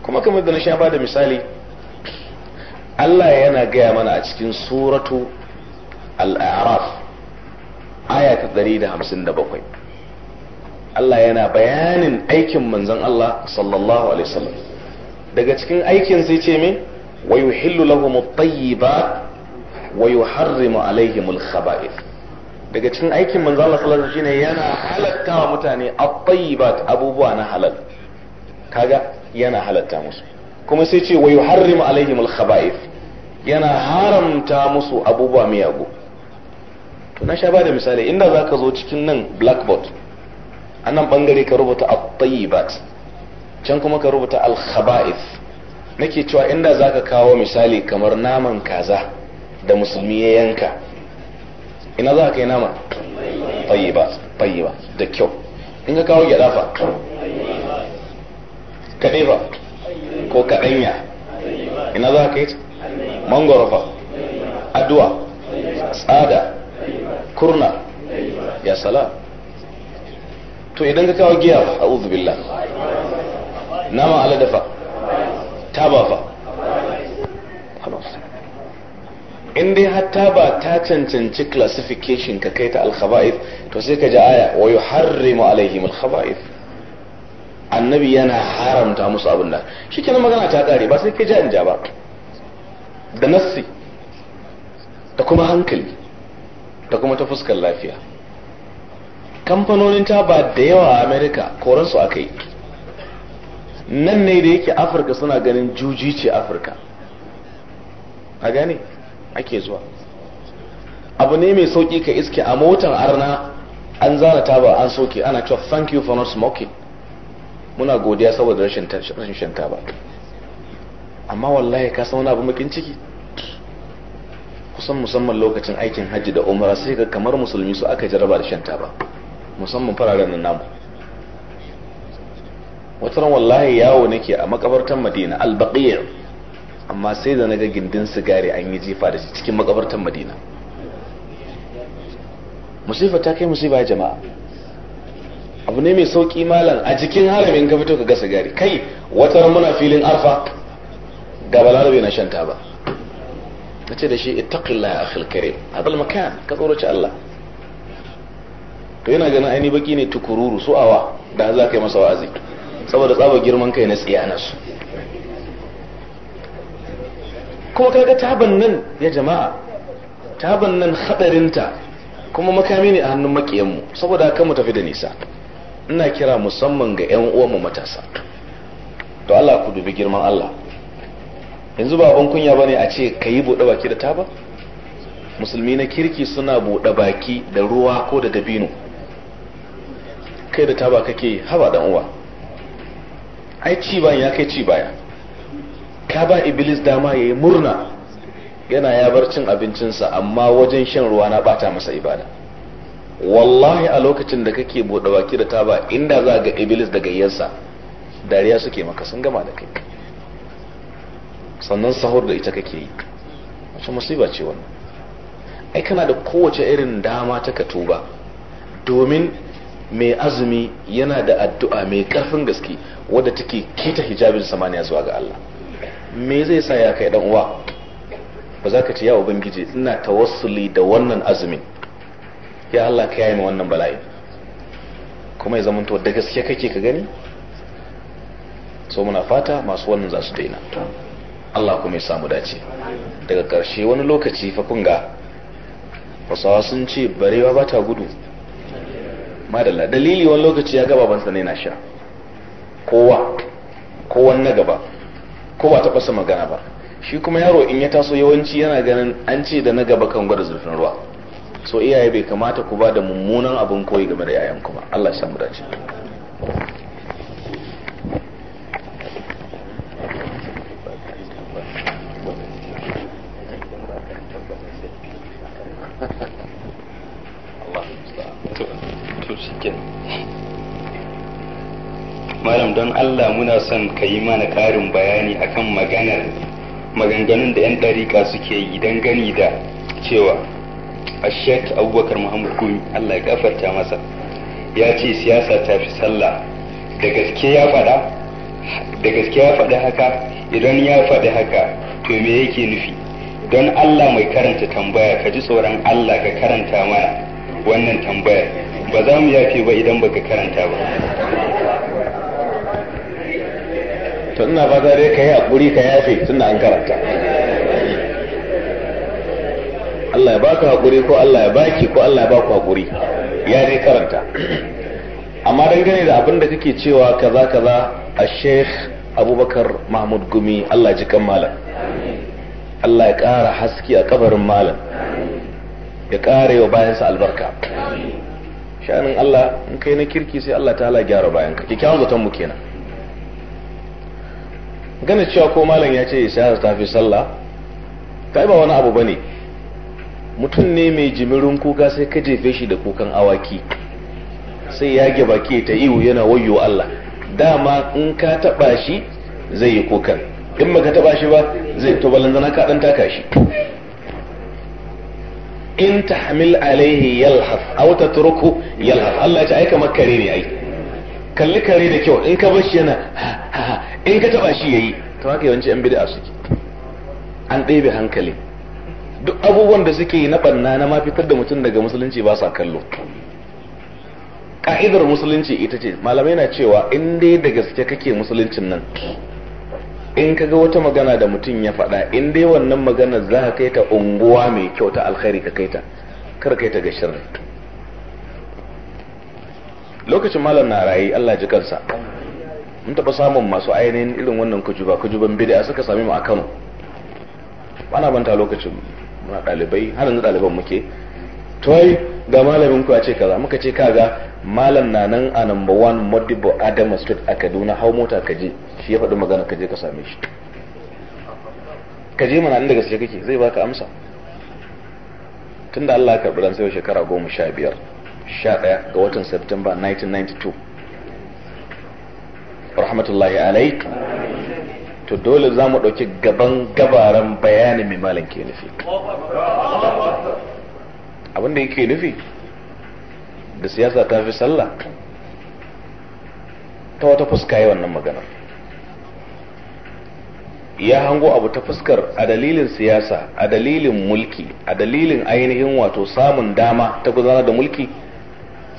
kuma kamar da na sha da misali Allah yana gaya mana a cikin suratu al-a'raf aya ta 157 Allah yana bayanin aikin manzon Allah sallallahu alaihi wasallam daga cikin aikin sai ce me ويحل لهم الطيبات ويحرم عليهم الخبائث daga cikin aikin manzo Allah sallallahu alaihi wasallam yana halatta wa mutane at-tayyibat abubuwa na halal kaga yana halatta musu kuma sai ce wa yuharrimu alaihim al-khaba'ith yana haramta musu abubuwa miyagu to na sha bada misali inda zaka zo cikin nan blackboard anan bangare ka rubuta at-tayyibat can kuma ka rubuta al-khaba'ith nake cewa inda za ka kawo misali kamar naman kaza da musulmi ya yanka ina za ka yi nama fayyiba fayyiba da kyau in ka kawo gyada fa ko kaɗanya ina za ka yi mangoro fa addu'a tsada kurna ya sala to idan ka kawo giya fa a'udhu billah nama dafa taba fa in dai hatta ta cancanci classification ka kai ta alkhaba'ith to sai ka ji aya wa yuharrimu alaihim alkhaba'ith annabi yana haramta musu abin nan shikenan magana ta kare ba sai ka ji anja ba da nassi da kuma hankali da kuma ta fuskar lafiya kamfanonin ta ba da yawa a america koransu yi nan ne da yake afirka suna ganin juji ce afirka a gane ake zuwa abu ne mai sauki ka iske a motar arna an zana taba an soke ana cewa thank you for not smoking muna godiya saboda rashin shan taba amma wallahi ka san wani abu makin ciki kusan musamman lokacin aikin hajji da umara sai ga kamar musulmi su aka jaraba da shan taba musamman fararen namu wata ran wallahi yawo nake a makabartar madina albaqir amma sai da naga gindin sigari an yi jifa da shi cikin makabartar madina musifa ta kai musifa jama'a abu ne mai sauki malam a cikin halamin ka fito ka ga sigari kai wata ran muna filin arfa ga balarabe na shan taba ce da shi ittaqillah ya akhil karim hadal makan ka tsoroci Allah to yana ganin aini baki ne tukururu su awa da za ka yi masa wa'azi saboda tsaba girman kai na tsiyana su kuma kaga taban nan ya jama'a taban nan hadarinta kuma makami ne a hannun makiyanmu saboda kan mu tafi da nisa ina kira musamman ga 'yan uwanmu matasa to Allah ku dubi girman Allah yanzu ba abin kunya bane a ce ka yi baki da taba musulmi na kirki suna buɗe baki da ruwa ko da dabino kai da taba kake haba dan uwa ai ci bayan ya kai ci baya ka ba iblis dama ya yi murna yana ya bar cin abincinsa amma wajen shan ruwa na bata masa ibada wallahi a lokacin da kake buɗe baki da taba inda za ga iblis da gayyarsa dariya suke maka sun gama da kai sannan sahur da ita kake yi wacce musiba ce wannan ai kana da kowace irin dama ta ka tuba domin mai azumi yana da addu'a mai karfin gaske wadda take keta hijabin samaniya zuwa ga Allah me zai sa ya kai dan uwa ba za ka ce ya ubangiji ina tawassuli da wannan azumin ya Allah ka yaye wannan bala'i kuma ya zamanto da gaske kake ka gani so muna fata masu wannan za su daina Allah kuma ya samu dace daga ƙarshe wani lokaci fa kunga fasawa sun ce barewa ba ta gudu madalla dalili wani lokaci ya gaba ban na sha kowa kowan na gaba ko ba taɓa magana ba shi kuma yaro in ya taso yawanci yana ganin an ce da na gaba kan gwada zurfin ruwa so iyaye bai kamata ku ba da mummunan abin koyi game da yayanku ba Allah ya samu dace Allah muna son ka yi mana ƙarin bayani akan maganar maganganun da 'yan ɗarika suke yi don gani da cewa shek abubakar muhammad gumi Allah ya gafarta masa ya ce siyasa ta fi sallah da gaske ya faɗa haka idan ya faɗi haka to me yake nufi don Allah mai karanta tambaya ka ji tsoron Allah ka karanta mana wannan tambaya ba za mu yafe ba idan baka karanta ba to ina ba dai ka yi hakuri ka yafe da an karanta Allah ya baka hakuri ko Allah ya baki ko Allah ya baku hakuri ya dai karanta amma dangane da abin da kake cewa kaza kaza a sheikh abubakar mahmud gumi Allah ji kan malam Allah ya ƙara haske a kabarin malam ya ƙara yau bayansa albarka sha'anin Allah in kai na kirki sai Allah ta gyara bayanka kyakkyawan zaton mu kenan gane cewa ko malam ya ce sai ta fi sallah yi ba wani abu bane mutum ne mai jimirin kuka sai ka jefe shi da kukan awaki sai ya ge baki ta iwu yana wayo Allah dama in ka taba shi zai yi kukan in ka taba shi ba zai to zana ka dan taka shi in tahmil alaihi yalhaf aw tatruku yalhaf Allah ya ce ai kamar kare ne ai kalli kare da kyau in ka bar shi yana in ka taba shi yayi to haka yawanci yan bid'a suke an ɗebe hankali duk abubuwan da suke yi na banna na ma fitar da mutum daga musulunci ba sa kallo ka'idar musulunci ita ce malamai na cewa in dai da gaske kake musuluncin nan in ka ga wata magana da mutum ya faɗa in dai wannan magana za ka kai ta unguwa mai kyau ta alkhairi ka kai ta kar kai ta ga shirri lokacin malam na rayu Allah ji kansa mun taɓa samun masu ainihin irin wannan kujuba kujuban bid'a suka sami mu a Kano ana banta lokacin muna ɗalibai har yanzu ɗaliban muke toy ga malamin ku ya ce kaza muka ce kaga malam na nan a number one modibo adama street a kaduna hau mota ka je shi ya faɗi magana ka je ka same shi ka je mana inda gaske kake zai baka amsa tunda Allah ya karɓi ran sai shekara goma sha biyar sha ɗaya ga watan September 1992 rahmatullahi alaik to dole za mu ɗauki gaban gabaran bayanin mai malam ke nufi abinda yake nufi da siyasa ta fi sallah ta wata fuska yi wannan magana ya hango abu ta fuskar a dalilin siyasa a dalilin mulki a dalilin ainihin wato samun dama ta gudanar da mulki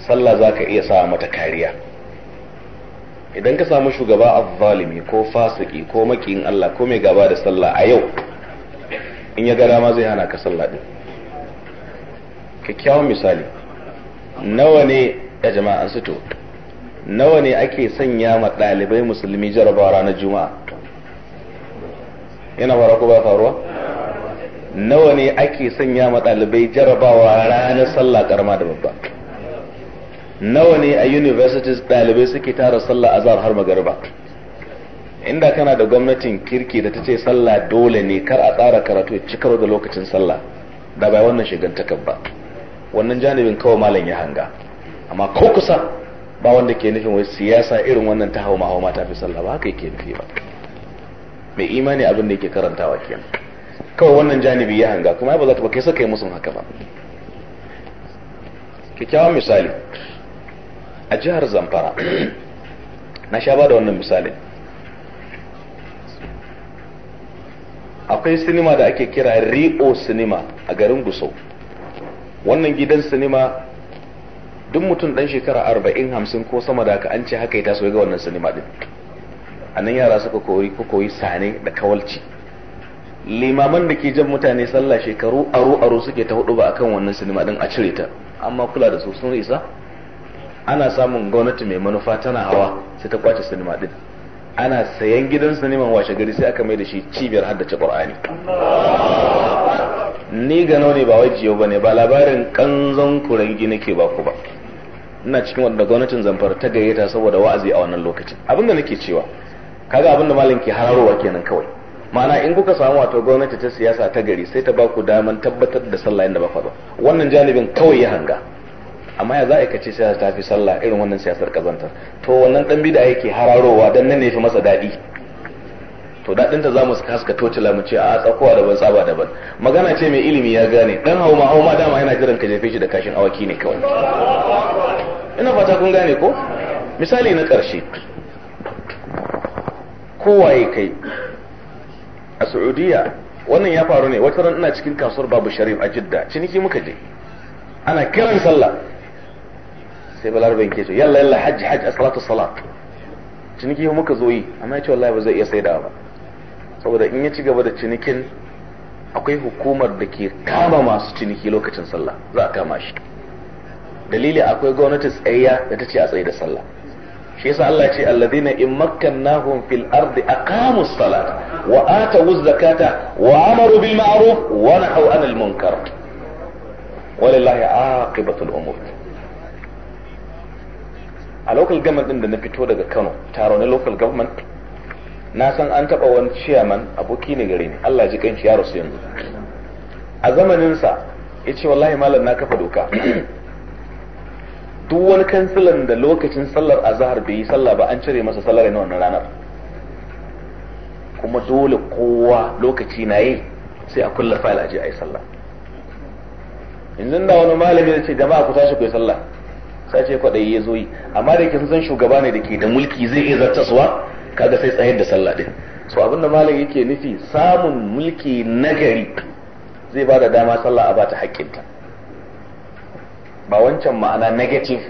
sallah za ka iya sa mata kariya idan ka samu shugaba a zalimi ko fasiki ko makiyin Allah ko mai gaba da sallah a yau in ya ga dama zai hana ka sallah din kyakkyawan misali nawa ne ya jama'an sito nawa ne ake sanya ma ɗalibai musulmi jarabawa ranar juma'a yana fara ko ba faruwa nawa ne ake sanya ma ɗalibai jarabawa ranar sallah karama da babba nawa ne a universities ɗalibai suke tara sallah azhar har magariba inda kana da gwamnatin kirki da ta ce sallah dole ne kar a tsara karatu ya ci karo da lokacin sallah da bai wannan shigan ba wannan janibin kawai malam ya hanga amma ko kusa ba wanda ke nufin wai siyasa irin wannan ta hawa hawa ta fi sallah ba haka yake nufi ba mai imani abin da yake karantawa kenan kawai wannan janibi ya hanga kuma ba za ta ba kai saka yi musun haka ba kyakkyawan misali a jihar zamfara na sha ba wannan misalin akwai sinima da ake kira rio sinima a garin gusau wannan gidan sinima duk mutum dan shekara arba'in hamsin ko sama da haka an ce haka ita taso ga wannan sinima din a nan yara suka koyi ko koyi sane da kawalci limaman da ke jan mutane sallah shekaru aro aro suke ta hudu ba akan wannan sinima din a cire ta amma kula da su sun isa ana samun gwamnati mai manufa tana hawa sai ta kwace sinima din ana sayan gidan sinima washe gari sai aka mai da shi cibiyar haddace qur'ani ni ga ne ba wai jiyo bane ba labarin kanzon kurangi nake ba ku ba ina cikin wanda gwamnatin zamfara ta gayyata saboda wa'azi a wannan lokacin abinda nake cewa kaga abinda malam ke hararowa kenan kawai ma'ana in kuka samu wato gwamnati ta siyasa ta gari sai ta ba ku daman tabbatar da sallah inda ba faɗo wannan janibin kawai ya hanga amma ya za a kace sai ta fi sallah irin wannan siyasar kazantar to wannan dan bida yake hararowa dan nan ne fi masa daɗi to dadin ta zamu haska tocila mu ce a tsakowa daban tsaba daban magana ce mai ilimi ya gane dan hauma hauma dama yana jiran ka jefe shi da kashin awaki ne kawai ina fata kun gane ko misali na ƙarshe kowaye kai a saudiya wannan ya faru ne wata ran ina cikin kasuwar babu sharif a jidda ciniki muka je ana kiran sallah sai balarabin ke so yalla yalla hajji hajji a salatu salat ciniki muka zo yi amma ya ce wallahi ba zai iya sai ba saboda in ya ci gaba da cinikin akwai hukumar da ke kama masu ciniki lokacin sallah za a kama shi dalili akwai gwamnati tsayayya da ta ce a tsaye da sallah shi yasa Allah ya ce alladheena in makkannahum fil ardi aqamu salata wa atu zakata wa amaru bil ma'ruf wa nahaw anil munkar walillahi al umur a local government din da na fito daga Kano taro na local government na san an taba wani chairman aboki ne gare ni Allah ji kanshi ya rasu yanzu a zamanin sa yace wallahi malam na kafa doka duk wani kansilan da lokacin sallar azhar bai yi sallah ba an cire masa sallar na wannan ranar kuma dole kowa lokaci na yi sai a kulla fayil je a yi sallah yanzu da wani malami ya ce jama'a ku tashi ku yi sallah sai ce kwaɗayi ya zo yi amma da yake sun san shugaba ne da ke da mulki zai iya zartaswa kaga sai tsayar da sallah din so abin da malam yake nufi samun mulki nagari zai ba da dama sallah a bata haƙƙinta ba wancan ma'ana negative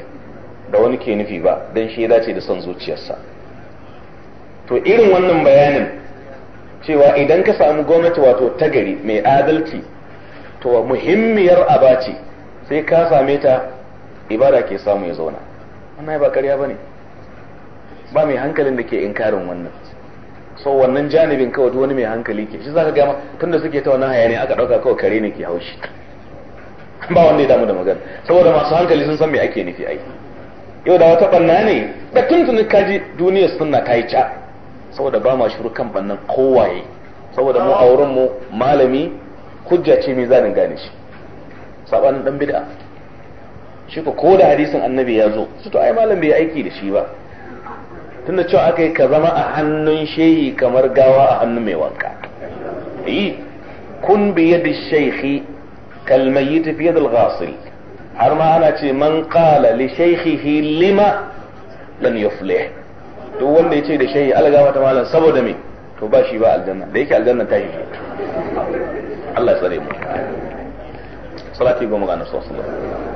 da wani ke nufi ba don shi ya dace da son zuciyarsa to irin wannan bayanin cewa idan ka samu gwamnati wato ta gari mai adalci to muhimmiyar aba ce sai ka same ta ibada ke samu ya zauna wannan ba ƙarya ne? ba mai hankalin da ke inkarin wannan so wannan janibin kawai wani mai hankali ke shi zaka tun tunda suke ta wannan hayani aka dauka kawai kare ne ke haushi ba wanda ya damu da magana saboda masu hankali sun san me ake nufi ai yau da wata banna ne da tuntuni kaji duniya sunna ta yi ca saboda ba ma shuru kan bannan kowaye saboda mu a wurin mu malami hujja ce mai zanin gane shi sabanin dan bid'a shi ko ko da hadisin annabi ya zo su to ai malam bai aiki da shi ba tunda cewa aka yi ka zama a hannun shehi kamar gawa a hannun mai wanka yi kun bi yadi shaykhi kal mayyit fi yad al har ma ana ce man qala li shaykhihi lima lan yuflih duk wanda yace da shehi algawa ta malam saboda me to ba shi ba aljanna da yake aljanna ta shi Allah ya tsare mu salati goma ga annabi sallallahu alaihi wasallam